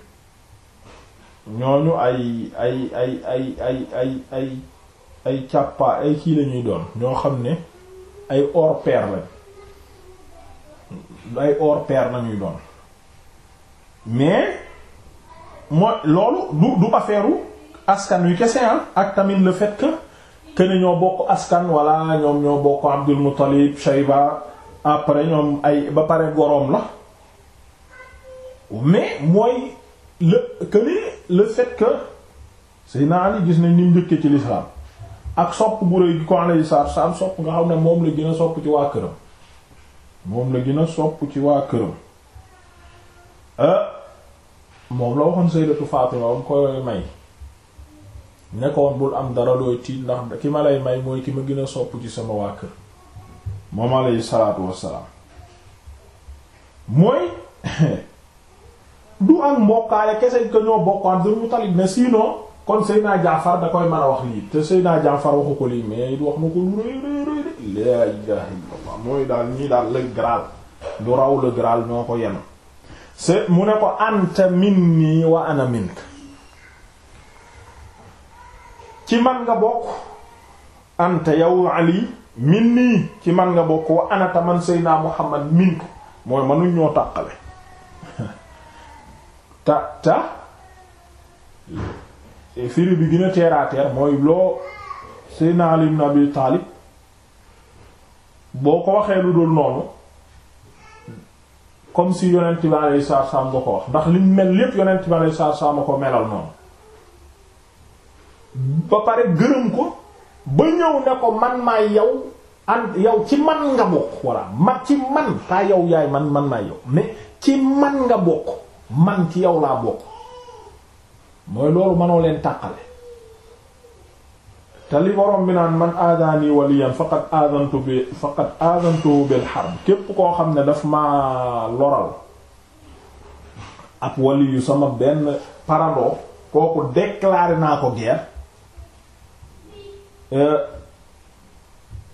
ñooñu ay ay ay ay ay ay ay ay càppa ay kii lañuy doon ñoo xam ne ay hors pair lañ ay hors lañuy doon mais mooy loolu du du affaire askan wi kese ah, ak tamit la fait këne ñoo bokk askan wala ñoom ñoo bokk Abdul Muttalib Shayba après ñoom ay ba pare goroom la mais mooy le que ni le fait que Seydina Ali gis nañ ni mu njëkkee ci l'islam ak sopp bu rëy gi ko alayhi salaatu wassalaam sopp nga xam ne moom la gën a sopp ci waa këram moom la gën a sopp ci waa këram euh, moom waxoon Sayyidatu Fatima ba mu koy may nekkoon bul am dara looy tiit ndax ki ma lay may mooy ki ma gën a sopp ci sama waa kër moom alayhi salaatu wassalaam mooy [LAUGHS] du ak mbokkaale kese ko ñoo bokkaat Abdul Muttalib ne sinon kon Seydina Jaafar da koy mën a wax lii te Seydina Jaafar waxu ko lii mais du wax na ko rëy rëy rëy de laa mooy daal ñii daal le Graal du raw le Graal ñoo ko yenn se mu ne ko anta minni wa ana minka ci man nga bokk anta yow ali min nii ci man nga bokk wa anata man seydna muhammad min ko mooy manuñ ñoo tàqale [LAUGHS] ta ta firi bi gën a mooy loo seydna ali ibn taalib boo ko waxee lu dul noonu comme si yonent bi alayhi salaam nga ko wax ndax liñ mel lépp yonent bi alayhi salaam a ko melal noonu ba pare gërëm ko ba ñëw ne ko man maay yow an yow ci man nga bokk walla ma ci man pas yow yaay man man maay yow mais ci man nga bokk man ci yow laa bokk mooy loolu manoo leen tàqale te li borom bi naan man aadaani waliyan faqad aadantu bi faqad aadantu bil harb képp koo xam ne dafa ma loral ab waliyu sama benn parado kooku déclaré naa ko guerre Eh,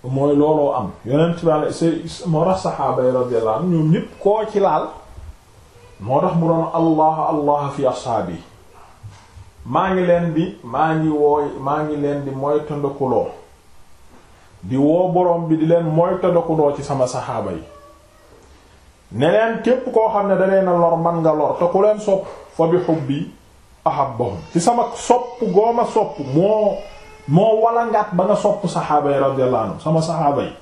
mooy looloo am yonent bi ale moo tax saxaaba yi radiyallahu anhum ñoom ñépp koo ci laal moo tax mu doon allah allah fi ashaabi maa ngi leen di maa ngi wooy maa ngi leen di mooy tëndakuloo di woo borom bi di leen mooy tëndakuloo ci sama saxaaba yi ne leen képp koo xam ne da leen a lor man nga lor te ku leen sopp fa bi xubbi ahabbahum ci sama sopp gooma sopp moo moo walangaat ba nga sopp saxaaba yi radiyallahu sama saxaaba yi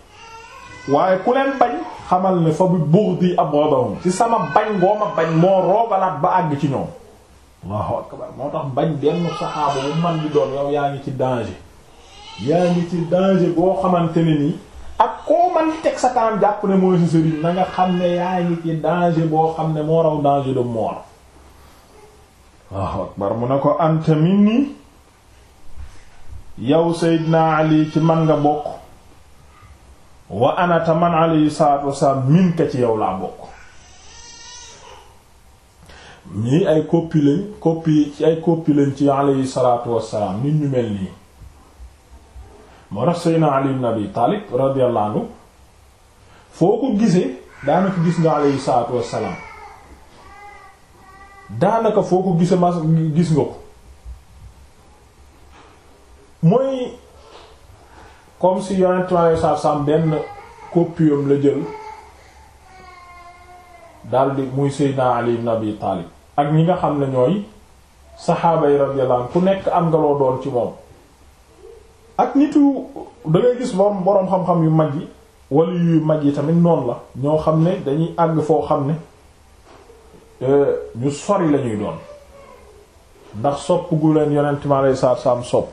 waaye ku leen bañ xamal ne fa bu buur di ab rodahum ci sama bañ boo ma bañ moo roogalaat ba àgg ci ñoom allahu moo tax bañ benn saxaaba bu man di doon yow yaa ngi ci danger yaa ngi ci danger boo xamante ni nii ak koo man teg sa kanam jàpp ne mooy si sëriñ na nga xam ne yaa ngi ci danger boo xam ne moo raw danger de mort allahu akbar mu ne ko anta minni yow Seydina Ali ci man nga bokk wa anata man alayhi salaatu wasalaam min ci yow laa bokk ñii ay copie lañ copie ci ay copie lañ ci alayhi salaatu wasalaam nit ñu mel nii moo tax Seydina Ali ibn Abi Taalib radiyallahu anhu foo ko gisee daanaka gis nga alayhi salaatu wasalaam daanaka foo ko gisee mas gis nga ko mooy comme si yonent ma sa benn copium la jël daldi muy Seydina Ali ibn Taalib ak ñi nga xam ne ñooy saxaaba yi radiyallahu ku nekk am loo doon ci moom ak nitu da ngay gis borom boroom xam-xam yu mag yi wala yu mag yi tamit noonu la ñoo xam ne dañuy àgg foo xam ne euh, ñu sori lañuy doon ndax sopp gu leen yonent ma lay saar saam sopp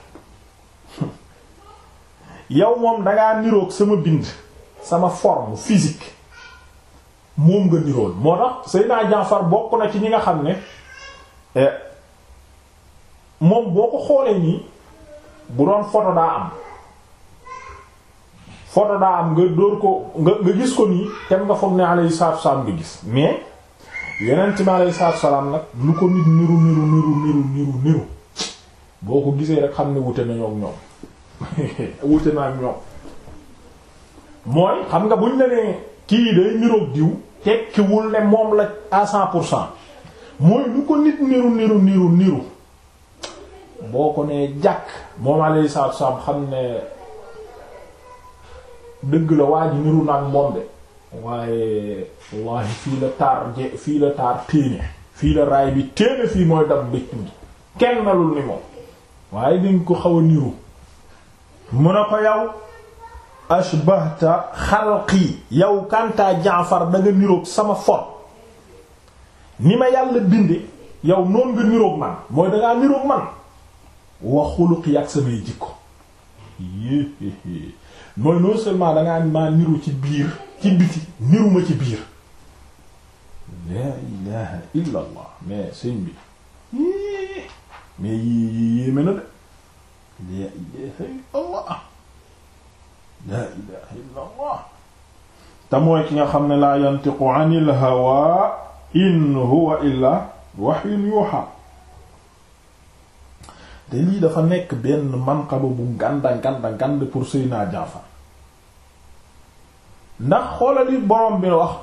yow moom dangaa nirook sama bind sama forme physique moom nga niroon moo tax Seydina Jaafar bokk na ci ñi nga xam ne eh, moom boo ko xoolee nii bu doon foto daa am photo daa am nga dóor ko nga nga gis ko nii tem nga foog ne alayhi salaatu wassalaam nga gis mais yeneen ci ma alayhi salaatu wassalaam nag lu ko nit niru niru niru niru niru boo ko gisee rek xam ne wute nañoo ak ñoom [LAUGHS] wute naa ñoom mooy xam nga buñ la nee kii day niroog diw tekkiwul ne moom la à cent pour cent mooy lu ko nit niru niru niru boo ko nee jàkk moom alayhi salaatu salaam xam ne dëgg la waa ji niru nag moom de waaye wallahi fii la taar je fii la taar téene fii la raay bi téene fii mooy dab bëccëg kenn melul ni moom waaye dañ ko xaw a niru mu ne ko yow ashbahta xalqi yow kantaa jaafar da niroog sama for ni ma yàlla binde yow noon nga niroog man mooy dangaa niroog man wa xuluqi ak samay jikko [LAUGHS] mooy non seulement dangaa maa niru ci biir ci biti niruma ci biir laa ilaha illa mais sëñ bi mais yii yii yéeme na de la ilaha illa allah la ki nga xam ne laa yantiqu anil in huwa illa wahyun yuha te lii dafa nekk benn manqaba bu nganda nganda ngand pour Seydina Jaafar ndax xoolali borom bi wax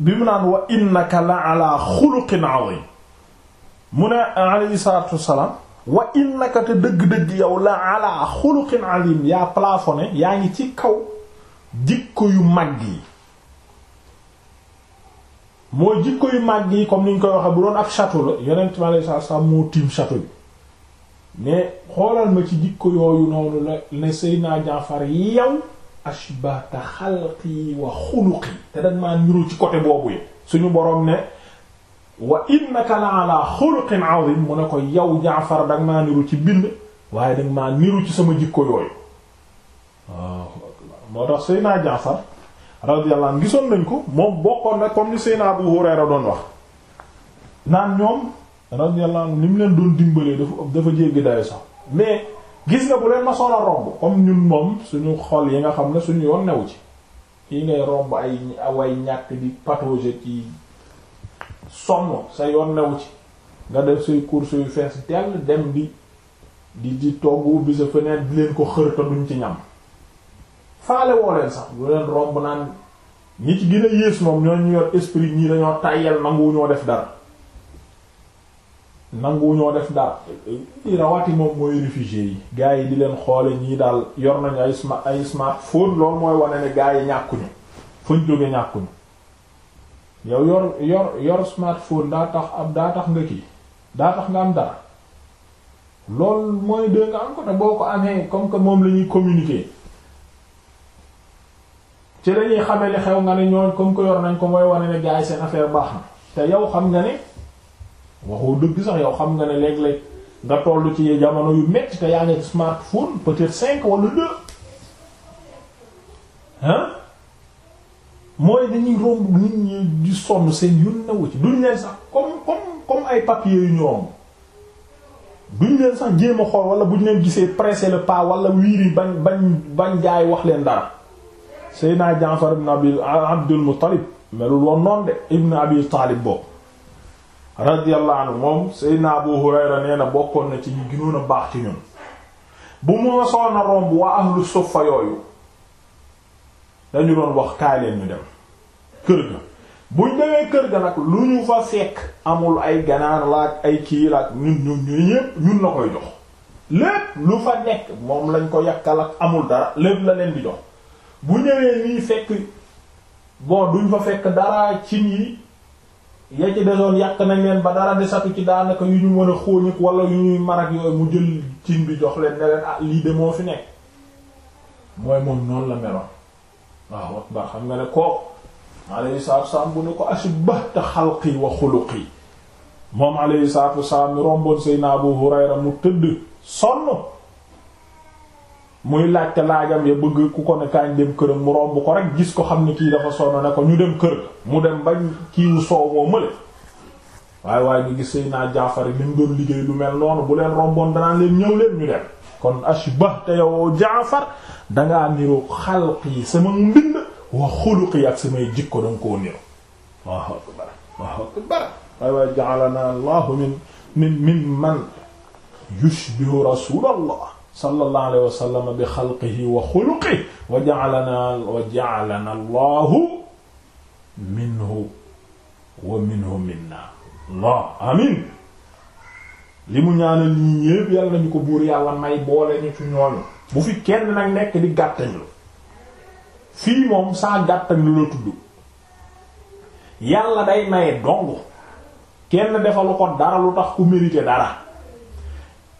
bi mu naan wa innaka la ala xuluqin azim mu ne alayhi salaatu wassalaam wa innaka te dëgg-dëgg yow la ala xuluqin azim yaa plafone yaa ngi ci kaw jikko yu mag yi moo jikko yu màgg yi comme ni ñu koy waxee bu doon ab château la yonent mi alayhi saa moo tiim château bi mais xoolal ma ci jikko yooyu noonu la ne Seydina Jaafar yow ashbahta xalqi wa xuluqi te dañ maa ci côté boobu yi suñu boroom ne waa innaka la ala xuluqin azim mu ne ko yow jaafar danga maa niru ci bind waaye danga maa niru ci sama jikko yooyu waaw moo tax Seydina jaafar radiyallahu anhu gisoon nañ ko moom bokkoon na comme ni Seydina Abu Hurayra doon wax naan ñoom radiyallahu anhu ni mu leen doon dimbalee dafa dafa jéggi dayo sax mais gis nga bu leen ma sola romb comme ñun moom suñu xol yi nga xam ne suñu yoon new ci yi ngay romb ay way ñàkk di patauger ci sonn sa yoon newu ci nga def say course yu fees dell dem di di di togg ubbi sa feneen di leen ko xër te duñ ci ñam faale woo leen sax lu leen romb naan ñi ci yées moom ñoo ñu yor esprit ñii dañoo tàyyel nanguwu ñoo def dara nanguwu ñoo def dara rawati moom mooy réfugié yi gars yi di leen xoole ñii daal yor nañu ay sma ay smartphone loolu mooy wane ne gars yi ñàkkuñu fuñ jóge ñàkkuñu yow yor yor yor smartphone daa tax ab daa tax nga kii daa tax nga am dara loolu mooy dégg nga am ko te boo ko amee comme que moom la ñuy communiquer ci la ñuy xamee li xew nga ne ñoon comme que yor nañ ko mooy wane ne gars yi seen affaire baax na te yow xam nga ne waxoo dëgg sax yow xam nga ne léeg-léeg nga toll ci jamono yu metti te yaa ngi smartphone peut-être cinq wala deux hein mooy dañuy romb nit ñi di sonn seen yun newu ci duñ leen sax comme comme comme ay papiers yu ñu romb duñ leen sax jéem a xool wala buñ leen gisee pressé le pas wala wiiri bañ ba bañ jaay wax leen dara Seydina Jaafar ibn Abi Abdul Muttalib melul woon noonu de ibn Abi Taalib boobu radiyallahu anhu moom Seydina Abu Hurayra nee bokkoon na ci ñu gënoon a baax ci ñun bu moo soona romb waa ahlu suffa yooyu dañu doon wax kaay ñu dem kër ga buñ demee kër ga nag lu ñu fa fekk amul ay ganaar laak ay kii laak ñun ñun ñu ñépp ñun la koy jox lépp lu fa nekk moom lañ ko yàkkal ak amul dara lépp la leen di jox bu ñëwee nii fekk bon duñ fa fekk dara cin yi ya ci desoon yàq nañ leen ba dara desatu ci daanaka yu ñu mën a xóoñik wala yu ñuy marak yooyu mu jël cin bi jox leen ne leen ah lii de moo fi nekk mooy moom noonu la meloon waaw akbar xam nga ne kooku alayhi salaatu wasalaam bu ne ko te ashbahta xalqi wa xuluqi moom alayhi salaatu wasalaam mi romboon naa Abu Hurayra mu tëdd sonn muy laajte laajam ya bëgg ku ko ne kañ dem kër mu romb ko rek gis ko xam ne kii dafa sonn ne ko ñu dem kër mu dem bañ kiiwu soow moo mële waaye waaye ñu gis Seydina naa ni mu doon liggéey lu mel noonu bu leen romboon danaan leen ñëw leen ñu dem kon ashbahta yow jaafar dangaa niroo xalq yi sama mbind wa xuluqi ak samay jikko danga koo niroo Allahu akbar Allahu akbar waay waay ja'alana Allahu min min min man yushbihu rasulallah sallallahu alayhi wa sallam bi xalqihi wa xuluqihi wa ja'alana wa ja'alana Allahu minhu wa minhu minna Allah amin li mu ñaanal ñi ñépp yàlla nañu ko buur yàlla may boole ñu ci ñooñu bu fi kenn nag nekk di gàttañlu fii moom saa gàttañlu la tudd yàlla day maye dong kenn defalu ko dara lu tax ku mérite dara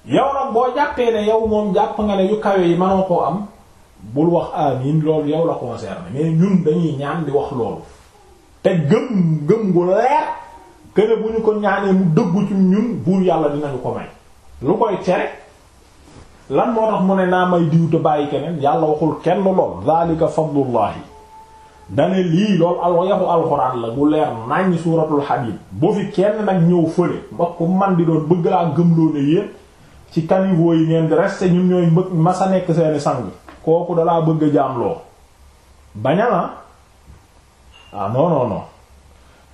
yow nag boo jàppee ne yow moom jàpp nga ne yu kawe yi mënoo koo am bul wax amiin loolu yow la concerné mais ñun dañuy ñaan di wax loolu te gëm gëm gu leer këne bu ñu ko ñaanee mu dëggu ci ñun buur yàlla dinañu ko may lu koy tere lan moo tax mu ne naa may diw te bàyyi keneen yàlla waxul kenn lool zalika fadlullahi dane lii loolu al yaxu alxuraan la bu leer nañ suuratul Hadiid bu fi kenn nag ñëw fële wax ko man di doon bëgg laa gëmloo ne yéen ci caniveau yi ngeen di resté ñun ñooy mbëg masa nekk seeni sang kooku dalaa bëgg a jaamloo baña la ah? ah non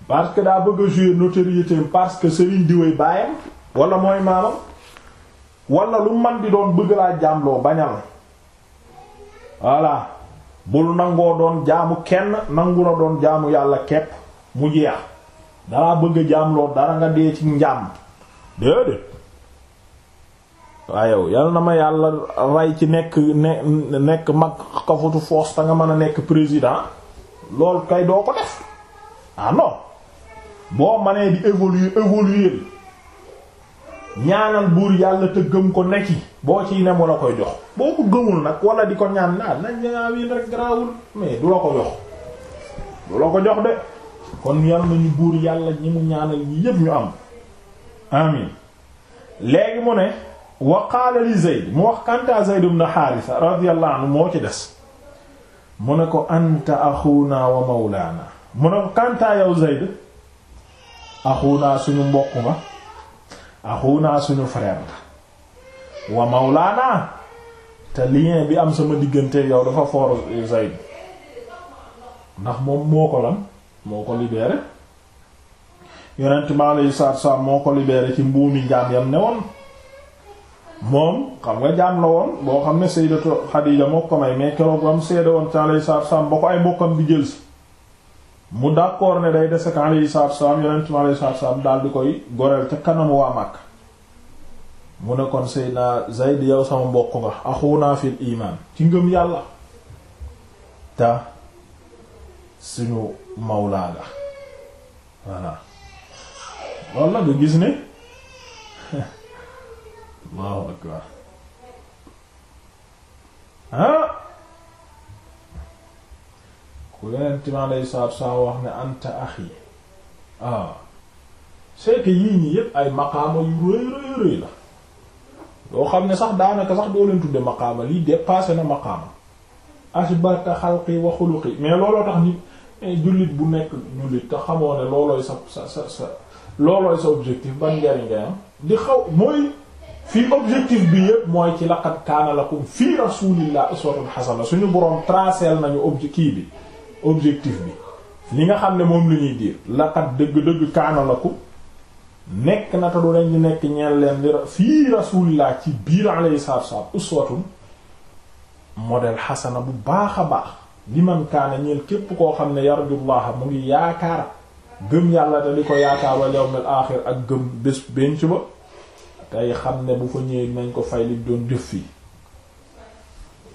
parce que daa bëgg a jouer notoriété parce que Serigne diwee baayam wala mooy maamam wala lu man di doon bëgg laa jaamloo bañal voilà bul nangoo doon jaamu kenn nangu la doon jaamu yàlla kepp mu jeex dalaa bëgg a jaamloo dara nga dee ci njaam déedéet waaye yal na ma yàlla rey ci nekk ne nekk mag kafutu foos ta nga mën a nekk président loolu kay doo ko def ah boo manee di évoluer évoluer ñaanal buur yàlla te gëm ko nekki boo ci ne mu la koy jox boo ko gëmul nag wala di ko ñaan naa nañ ñaa ah wiin rek garaawul mais du la ko jox du ko jox de kon yal nañu buur yàlla ñi mu ñaanal ñi yépp ñu am amin léegi mu ne wa qaala li mu wax kanta Zayd na Haarisa radiyallahu anhu moo ci des mu ne ko anta axuna wa mawlaana mu ne ko kanta yow Zayd naa suñu mbokk nga axuunaa suñu frère maw wa mawlaana te lien bi am sama diggante yow dafa for Zayd ndax moom moo ko lan moo ko libéré yonent mi alayhi salaatu salaam moo ko libéré ci mbuumi jaam yam ne woon moom xam nga jaam la woon boo xam ne Sayyidatu Xadiija moo ko may mais keroog ba mu seede woon ci alayhi salaatu salaam ba ko ay mbokkam bi jël si mu d'accord ne day des ak alayhi salaatu wasalaam yonent mi alayhi salaatu wasalaam daal di koy goreel ca kanamu waa Makka mu ne kon Seydina Zayd yow sama mbokk nga axuna fil iman ci ngëm yàlla te suñu mawlaa nga voilà loolu nga gis ni [LAUGHS] Allahu akbar ah ku yeneen time alay saab saa wax ne anta axi ah yii ñi yépp ay maqaama yu rëy rëy rëy la yoo xam ne sax daanaka sax doo leen tudde maqaama lii dépassé na maqaama ashbata xalqi wa xuluqi mais looloo tax nit eh, jullit bu nekk jullit te xamoo ne loolooy sa sa sa loolooy sa objectif ban njariñ nga am di xaw mooy fii objectif bi yépp mooy ci laqad kaana lakum fii rasulillah uswatun la suñu boroom tracé nañu objectif bi objectif bi li nga xam ne moom la ñuy diir laqad dëgg-dëgg kaana ko nekk na te du leen di nekk ñeen leen fii rasulillah ci biir alayhi salaatu wassalaam uswatun modèle xasana bu baax a baax li man kaana ñeel képp koo xam ne yarjullaha mu ngi yaakaar gëm yàlla te di ko yaakaar wal yawmil aaxir ak gëm bés benc ba tey xam ne bu fa ñëwee nañ ko fay li doon jëf fii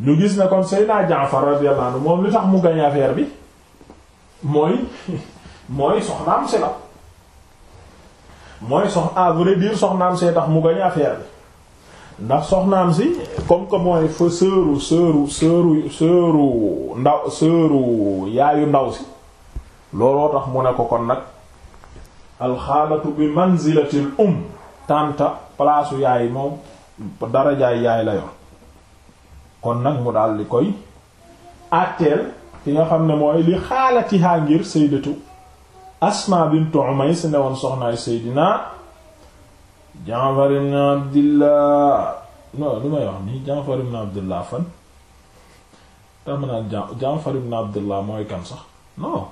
ñu gis ne kon Seydina Jaafar radiyallahu anhu moom li tax mu gañ affaire bi mooy [LAUGHS] mooy soxnaam si la mooy sox à vrai soxnaam see tax mu gañ affaire bi ndax soxnaam si comme que mooy fa sëru sëru sëru sëru ndaw sëru yaayu ndaw si looloo tax mu ne ko kon nag alxaalatu bi manzilatil um tànta palaasu yaay moom darajaay yaay la yor kon nag mu daal di koy àtteel ki nga xam ne mooy li xaalatihaa ngir sayyidatu Asma bint Umays ne woon soxnaay Seydina Jaafar ibn Abdillah non lu may wax nii Jaafar ibn Abdillah fan tax ma naan Jaafar ibn Abdillah mooy kan sax non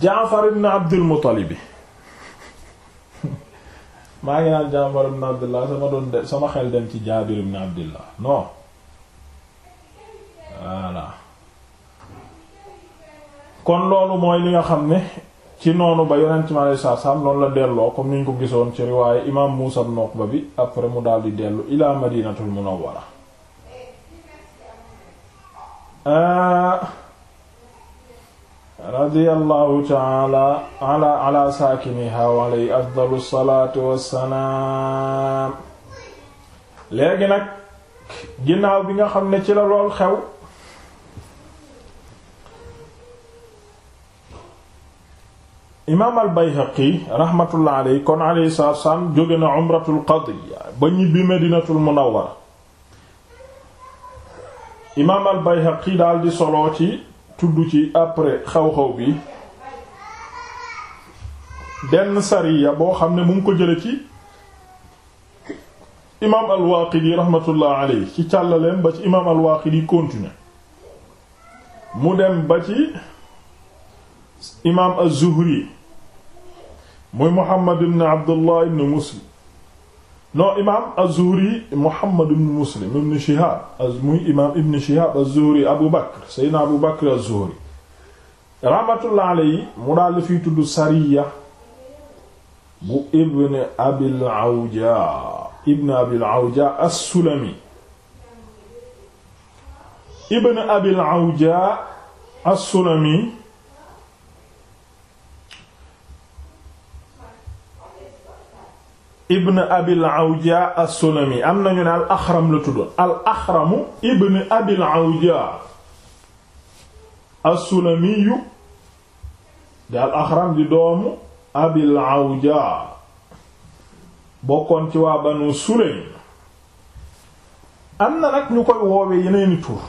Jaafar ibn [LAUGHS] maa ngi naan Jaafar ibn Abdillah sama doon de sama xel dem ci Jaabir ibn Abdillah non voilà kon loolu mooy li nga xam ne ci noonu ba yonent mi alayhi salaatu la delloo comme ni ñu ko gisoon ci riwaaye imaam Muusaa ibn bi après mu daal di dellu ilaa Madinatul Munawwara euh, radiyallahu ta'ala ala ala saakiniha wa alayhi afdalu salaatu wassalaam léegi nag ginnaaw bi nga xam ne ci la lool xew imaam al bayhaqi rahmatullah aley kon aleyhi salaatu salaam jóge na umratul qadiya ba ñibbi medinatul munawwara imaam al bayhaqi daal di solo ci tudd ci après xew-xew bi denn sariya boo xam ne mu ko jële ci imaam al waaqidi rahmatullah aley ci càllaleen ba ci imaam al waaqidi continuer mu dem ba ci imaam az-Zuhri muy Muhammad ibn Abdullah ibn Muslim non imaam az-Zuhri Muhammad ibn Muslim ibn Shihab muy imaam ibn Shihab az-Zuhri Abu Bakr Seydina Abu zuhri rahmatullah alayhi mu daal fiy tudd sariya bu ibn Abil Awja ibn Abil Awja as sulami ibn abil awja as-sulami am nañu ne al axram la tuddoon al axramu ibn abil awja as-sulamiyu di al axram di doomu abil awja bokkoon ci waa banu sulaym am na nag ñu koy woowe yeneeni tur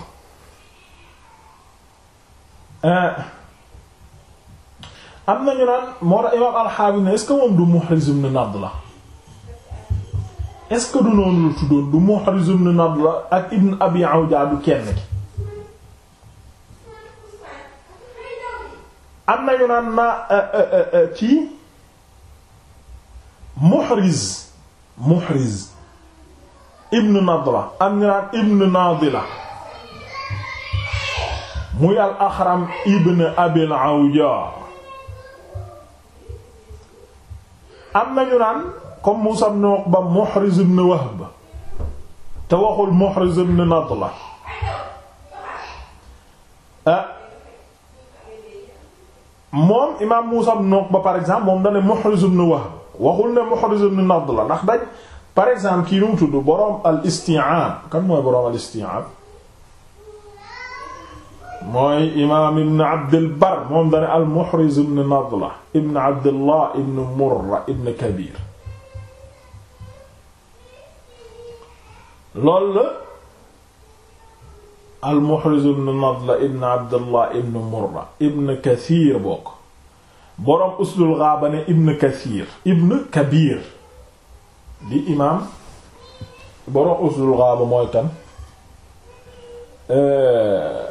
eh. am nañu naan moo tax imaam al-Hafiz ne est-ce du Muhriz ibn Nadla est-ce que du noonu la tuddoon du Muhriz ibn Nadla ak ibn Abi Awja du kenn ki am nañu naan ma ci euh, euh, euh, Muhriz ibn Nadla am ñu naan ibn Nadila muy al Axram ibn Abil Awja am nañu naan comme Muusaa ibn Uqba Muhriz ibn Wahb te waxul Muhriz ibn Nadla ah moom imaam Muusaa par exemple moom dane Muhriz ibn Wahb waxul ne Muhriz ibn Nadla ndax dañ par exemple kii nu tudd borom al isti'aab kan mooy boroom al isti'aab mooy imaam ibn Abdul Barr moom dane Kabir lool la al-Muhriz ibn Nadla ibn Abdullah ibn Murra ibn Kathir bokk boroom Uslul Ghaba ne Kathir ibn Kabir di imaam boroom Uslul Ghaba mooy tan eh,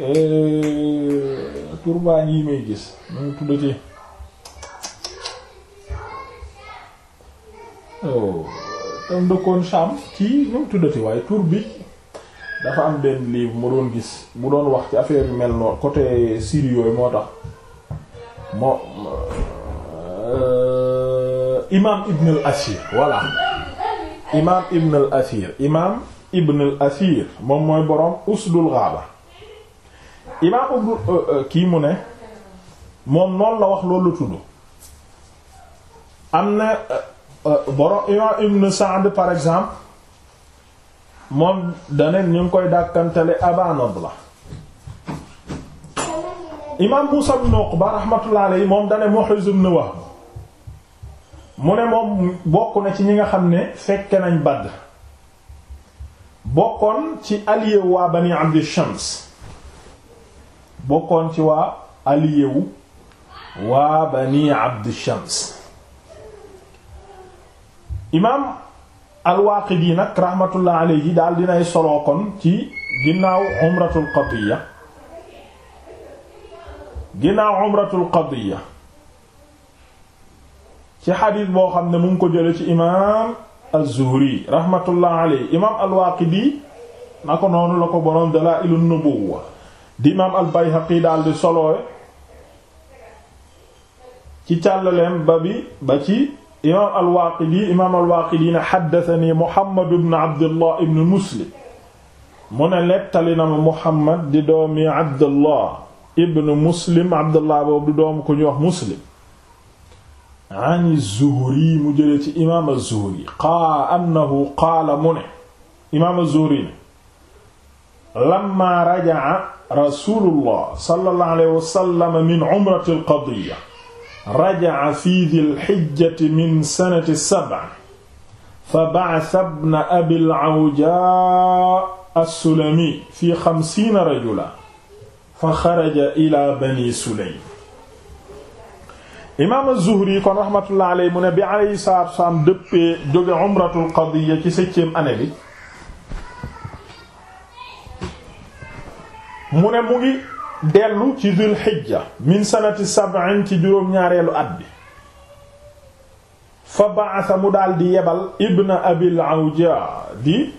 eh, turbaan yi may gis mu am dëkkoon mu tuddati waaye tur bi dafa am benn livre mu doon gis mu doon wax ci affaire yu mel noonu côté Syrie yooyu moo tax moo euh, imaam Ibn al-Asir imaam Ibn al-Asir moom mooy borom Usdul Ghaba imaam euh, euh, kii mu ne moom noonu la wax loolu la am na. Euh, borom imam ibn Sa'd par exemple moom daneen ñu ngi koy dàkkantale abanad la imam Musa ibn Uqba rahmatullah alayhi moom dane Muhriz ibn Wahb mu ne moom bokk na ci ñi nga xam ne fekke nañ Badr bokkoon ci allié waa Bani Abd Shams bokkoon ci waa allié waa Bani Abd Shams imaam al-Waaqidi nag rahmatullah alayhi daal dinay soloo kon ci ginnaaw umratul qadiya ginnaaw umratul qadiya ci xadiis boo xam ne mu ngi ko jële ci imaam az-Zuhri rahmatullah alayhi imaam al na ko noonu la ko boroom Dalaa'il an-Nubuwwa di imaam al daal di soloo ci càllaleem ba bi ba ci imaam al-Waaqidi imaam al-Waaqidi ne xaddatani Muhammad ibn Abdullah ibn Muslim mu ne nettali na ma Muhammad di doomi Abdullah ibn Muslim Abdullah boobu di doomu ku ñuy wax Muslim an Zuhri mu jëlee ci imaam az-Zuhri qaa annahu qaala mu ne imaam az-Zuhri ne lamma raja'a Rasuulullah sallallahu alayhi wa sallam min umratil qadiyya rajaca fi dil xijjati min sanati saba fa bacasa bna abil cawjaa assulami fi xamsiina rajula fa xaraja ila bani sulaym imaam az-Zuhri kon rahmatullah aleyhi mu ne bi aleyhi salaatu wasalaam dëppee jóge umratul qadiya ci septième année bi mu ne mu ngi dellu ci dul xijja min sanati sab'in ci juróom-ñaareelu at bi fa ba'atha mu daal di yebal ibn abil awja di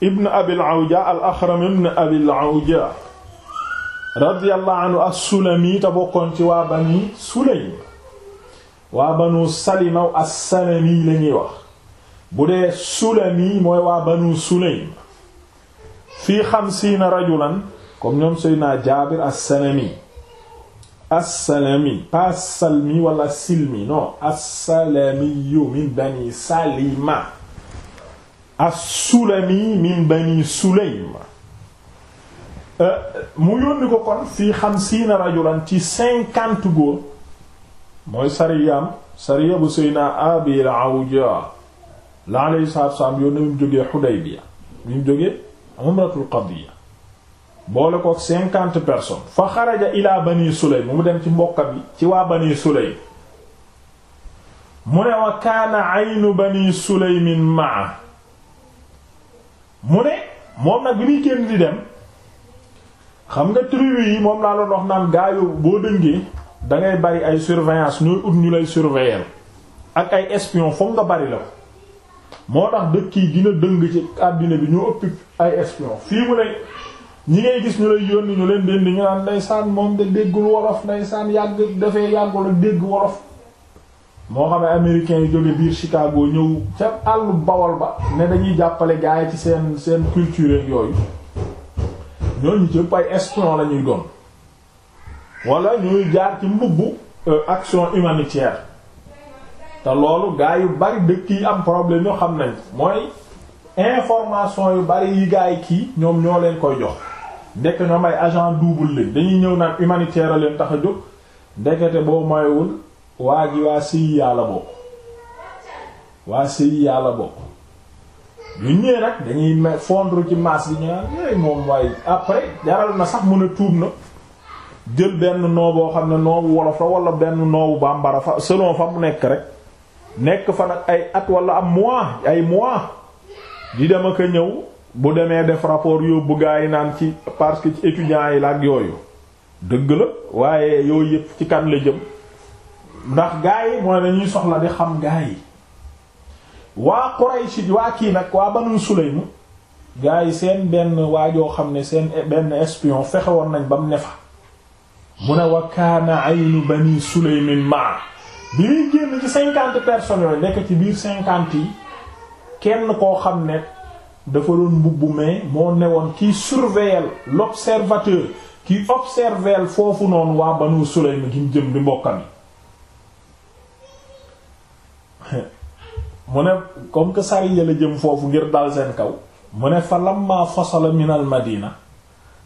ibn abil awja al axram ibn abil awja anhu as-sulami te bokkoon ci waa bani sulaym banu salima as-salami la ñuy bu dee sulami mooy waa banu sulaym fii rajulan comme ñoom Seydina Jaabir as-Salami as-Salami pas Salmi wala Silmi non as-Salami min bani Salima as-Sulami min bani Sulaym euh, mu yónni ko kon fii xamsiina ci cinquante góor mooy sariyaam sariya bu Seydina Abil Awja la alayhi salaatu wa salaam yónni mu jógee Hudaybiya mu jógee umratul qadiya boole kook cinquante personnes fa xaraja ilaa bani sulaym mu dem ci mbokka bi ci waa bani sulaym mu ne wa kaana aynu bani sulaymin maa mu ne moom nag bi muy génn di dem xam nga tribu yi moom laa doon wax naan gaayu boo dëngee dangay bari ay surveillance ñooy ut ñu lay surveiller ak ay espion foog nga bari la ko moo tax dëkk yi dina dëng ci àddina bi ñoo ëpp ay espion fii mu ne ñi ngay gis ñu lay yónni ñu leen den di ñu naan saan moom de déggul wolof ndeysaan yàgg dafee yàggul ak dégg wolof moo xam ne américains yi jóge biir Chicago ñëw ca àllu bawol ba ne dañuy jàppale gaay ci seen seen culture yooyu ñooñu ci ëpp ay espion la ñuy doon wala ñuy jaar ci mbubb euh, action humanitaire te loolu gaay yu bari dëkk yi am problème ñoo xam nañ mooy information yu bari yi gaay kii ñoom ñoo leen koy jox ndekk na ay agent double lañ dañuy ñëw naan humanitaire leen tax a jóg ndekete boo moywul waa gi waa sëyi yàlla bokk waa sëyi yàlla bokk ñu ñëwee nag dañuy fondre ci masse bi ñu naan eh, moom waaye après jaral na sax mën a tuub na jël benn noo boo xam ne noobu wolof la wala benn noobu bambara fa selon fa mu nekk rek nekk fa nag ay at wala am mois ay mois di dem ak a ñëw bu demee def rapport yóbbu gaa yi naan ci parce que ci étudiants yi la ak yooyu dëgg la waaye yooyu yëpp ci kan la jëm ndax gaa yi mooy dañuy soxla di xam gaa yi waa Quraysh waa kii nag waa Banu Sulaym gaa yi seen benn waa waajoo xam ne seen benn espion fexe nañ ba mu ne fa mu ne wa kaana aynu Bani Sulaymin ma bi muy génn ci cinquante personnes yooyu nekk ci biir cinquante yi kenn koo xam ne dafa doon mbubbu mais moo newoon kiy surveiller l'observateur kiy observer foofu noonu waa Banu Sulaym gi mu jëm di mbokkam yi [LAUGHS] mu ne comme que sariya la jëm foofu ngir dal seen kaw mu ne fa lamma fasala min al madina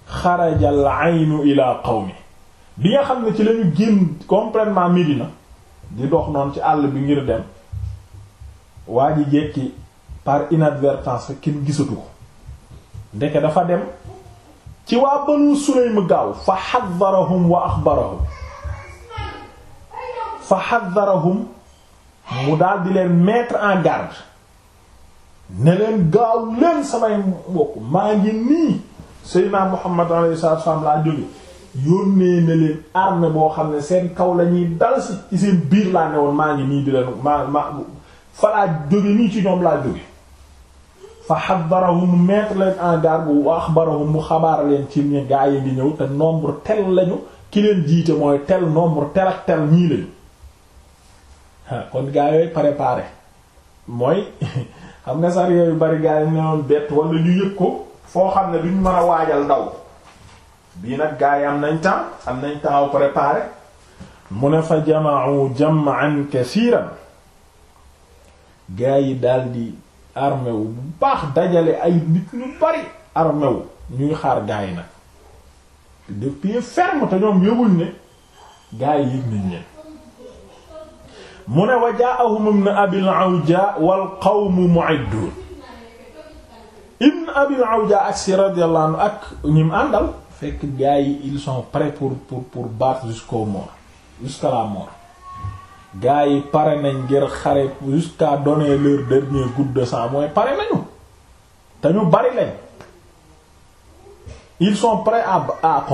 xaraja aynu ila qawmi bi nga xam ne ci lañu génn complètement Médina di dox noonu ci àll bi ngir dem waa ji jekki par inadvertance kenn gisatu ko ndeke dafa dem ci waa Banu Sulaym gaaw fa xaddarahum wa axbarahum fa xaddarahum mu dal di leen mettre en garde ne leen gaaw leen samay mbokk maa ngi nii Seydina Muhammad alayhi salaatu wasallam laa jóge yónnee na leen arme boo xam ne seen kaw la ñuy dal ci seen biir laa ne woon maa ngi nii di leen maa maa falaa jóge nii ci ñoom laa jóge fa xaddarahum mu mettre leen en garde bu axbarahum mu xabaar ci ñi gaa yi ngi ñëw te nombre tel lañu ki leen jiite mooy tel nombre tel ak tel ñii lañu kon gaa yooyu préparé mooy [LAUGHS] xam nga sax yooyu bari gaa yi newoon bett wala ñu yëg ko foo xam ne duñ mën a waajal ndaw bii nag gaa yi am nañ temps am nañ temps préparé mu ne fa jama'u jam'an kaseeran gaa yi daldi armé wu bu baax dajale ay nit ñu bari armé wu ñuy xaar gaay nag de pied ferme te ñoom yëguñ ne gaay yëg nañ leen mu ne wa jaa'ahum abil awja wal qawmu mu'iddun ibn abil awja ak si radiyallahu ak ñim àndal fekk gaay yi ils sont prêts pour pour pour battre jusqu'au mort jusqu'à la mort gaa yi pare nañ ngir xare jusqu'à donner leur dernier goutte de sang mooy pare nañu te ñu bari lañ ils sont prêts à à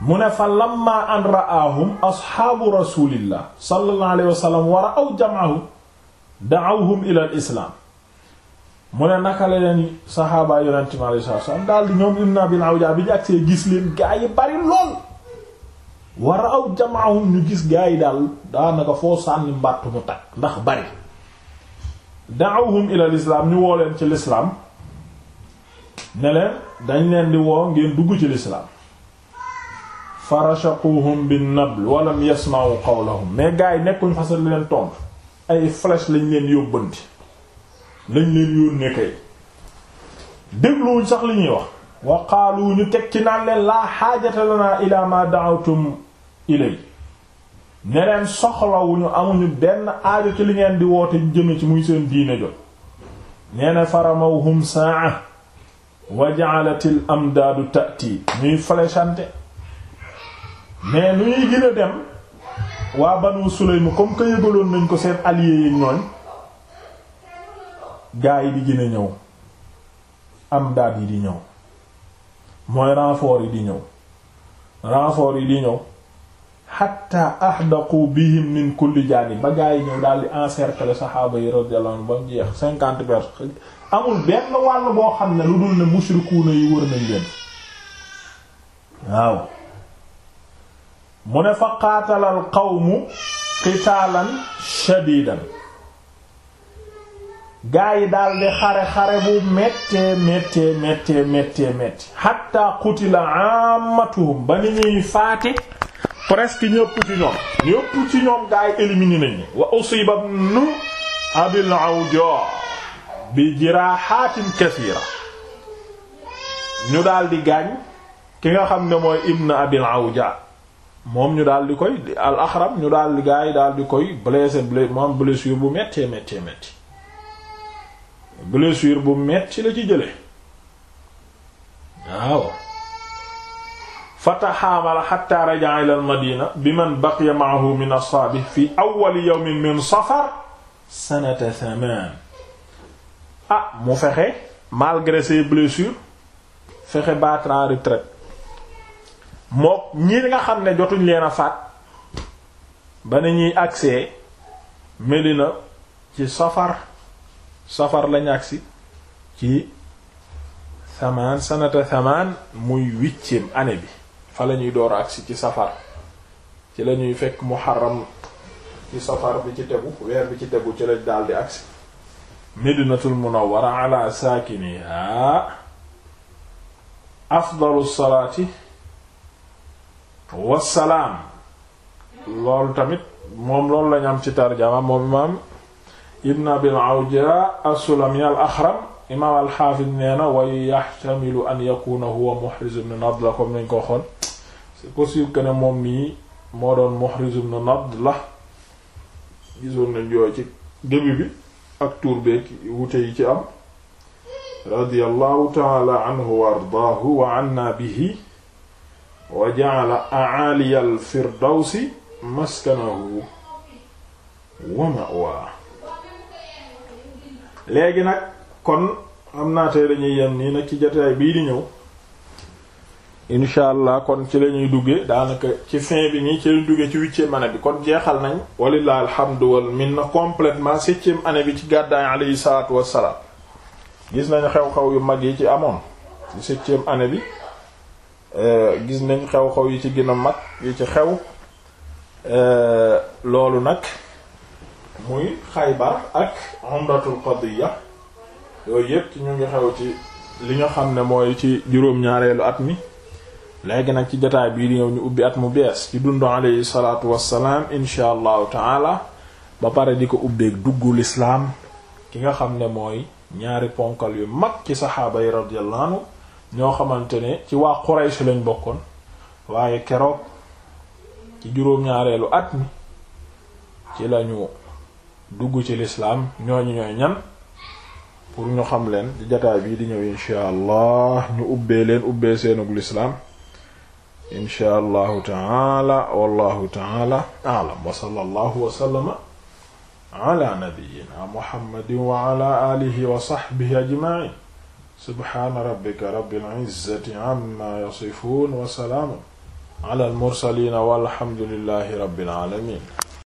mu ne fa lamma an ra'ahum asxaabu rasulillah sallallahu alayhi wa sallam wa ra'aw jam'ahu da'awhum mu ne naka la leen saxaaba yonente mi alayhi salaatu wa salaam daal di ñoom ibn Abil Awja bi ñu agsee gis leen gaa yi bari lool war a aw jamaahum ñu gis gaa yi daal daanaka foo sànni mbàtt mu takk ndax bari daawhum ila lislaam ñu woo leen ci lislaam ne dañ leen di woo ngeen dugg ci lislaam farashaquhum bin nabl walam yasma'u qawlahum mais gaa yi nekkuñ fasal leen tontu ay flèche lañ leen yóbbanti lañ leen yónnee kay dégluwuñ sax li ñuy wax wa qaalu ñu teg ci naan leen laa xaajata lanaa ilaa ma da'awtum ilay ne leen soxlawuñu amuñu benn aajo ci li ngeen di woote jëme ci muy seen diine jot nee na faramawhum saa wa ja'alatil amdaadu ta'ti ñuy fléchante mais nu ñuy gën dem waa Banu Sulaym comme que yëgaloon nañ ko seen allié yi ñooñ gaa yi di gën a ñëw amdaad yi di ñëw mooy renfort yi di ñëw renfort yi di ñëw xatta ahdaqu bihim min kulli jaani ba gaa yi ñëw daal saxaaba yi radiyallahu ba mu jeex cinquante personnes amul benn wàll boo xam ne lu dul ne mushrikuuna yi wër nañ leen waaw mu ne fa qaatalal qawmu qitaalan shadiidan gaa yi daal di xare xare bu méttee méttee méttee méttee métti hatta qutila ammatuhum ba ni ñuy faate presque ñëpp ci ñoom ñëpp ci ñoom gaa éliminé nañu wa usiba ibnu abil awja bi jirahatin kaseera ñu daal di gaañ ki nga xam ne mooy ibnu abil awja moom ñu daal di koy al axram ñu daal di gaa yi daal di koy blessé blessé moom blessure bu méttee méttee métti blessure bu metti la ci jële waaw fataxaamala xata raja'a ila al madina bi man baqiya ma'ahu min asxaabi fi awwali yawmin min safar sanata thaman ah mu fexe malgré ses blessures fexe battre en mook ñi nga xam ne jotuñ leen a faat ba ni ñuy agsee Medina ci safar safar lañ agsi ci samaan sanata samaan muy huitième année bi fa la ñuy door agsi ci safar ci la ñuy fekk muharram ci safar bi ci tegu weer bi ci tegu ci lañ daldi agsi medinatul munawwara ala saakiniha afdalu salaati wassalaam loolu tamit moom loolu lañ am ci tarjama moom imaam ibn abil awja as-sulami al-axram imaam al-xaafis nee na way yaxtamilu an yakuna huwa muhriz ibn nadla comme nañ ko xool c'est possible que ne moom mii moo doon muhriz ibn nadla gisoon nañ yooyu ci début bi ak tuur beek wute yi ci am radiyallahu taala anhu wa ardaahu wa anna bihi wa ja'ala a'aliya al-firdawsi maskanahu wa ma'waahu léegi nag kon am naa tey dañuy yem nii nag ci jotaay bii di ñëw incha allah kon ci la ñuy duggee daanaka ci fin bi nii ci lañuy duggee ci huitième année bi kon jeexal nañ walilah alhamdu min na complètement septième année bi ci gàddaay aleyhi salatu wassalaam gis nañ xew-xew yu mag yi ci amoon ci septième année bi euh, gis nañ xew-xew yi ci gën a mag yi ci xew euh, loolu nag muy Xaybar ak umratul qadiya yooyu yépp ñu ngi xew ci li nga xam ne mooy ci juróom-ñaareelu at mi léegi nag ci jotaay bii di ñu ubbi at mu bees ci dundu alayhi salaatu wassalaam insha allahu taala ba pare di ko ubbeeg duggu lislaam ki nga xam ne mooy ñaari ponkal yu mag ci saxaaba yi radiyallahu ñoo xamante ne ci waa Quraysh lañ bokkoon waaye keroog ci juróom-ñaareelu at mi ci lañu dugg ci lislaam ñooñu ñooy ñan pour ñu xam leen ci jataay bii di ñëw insha allah ñu ubbee leen ubbee seenug lislaam insha allahu taala wallahu taala a'lam wa sallallahu wa sallama ala nabiyyina muhammadin wa ala alihi wa sahbihi ajma'in subhana rabbika rabbil izzati amma yasifun wa salaamun ala al mursalin walhamdulillahi rabbil alamin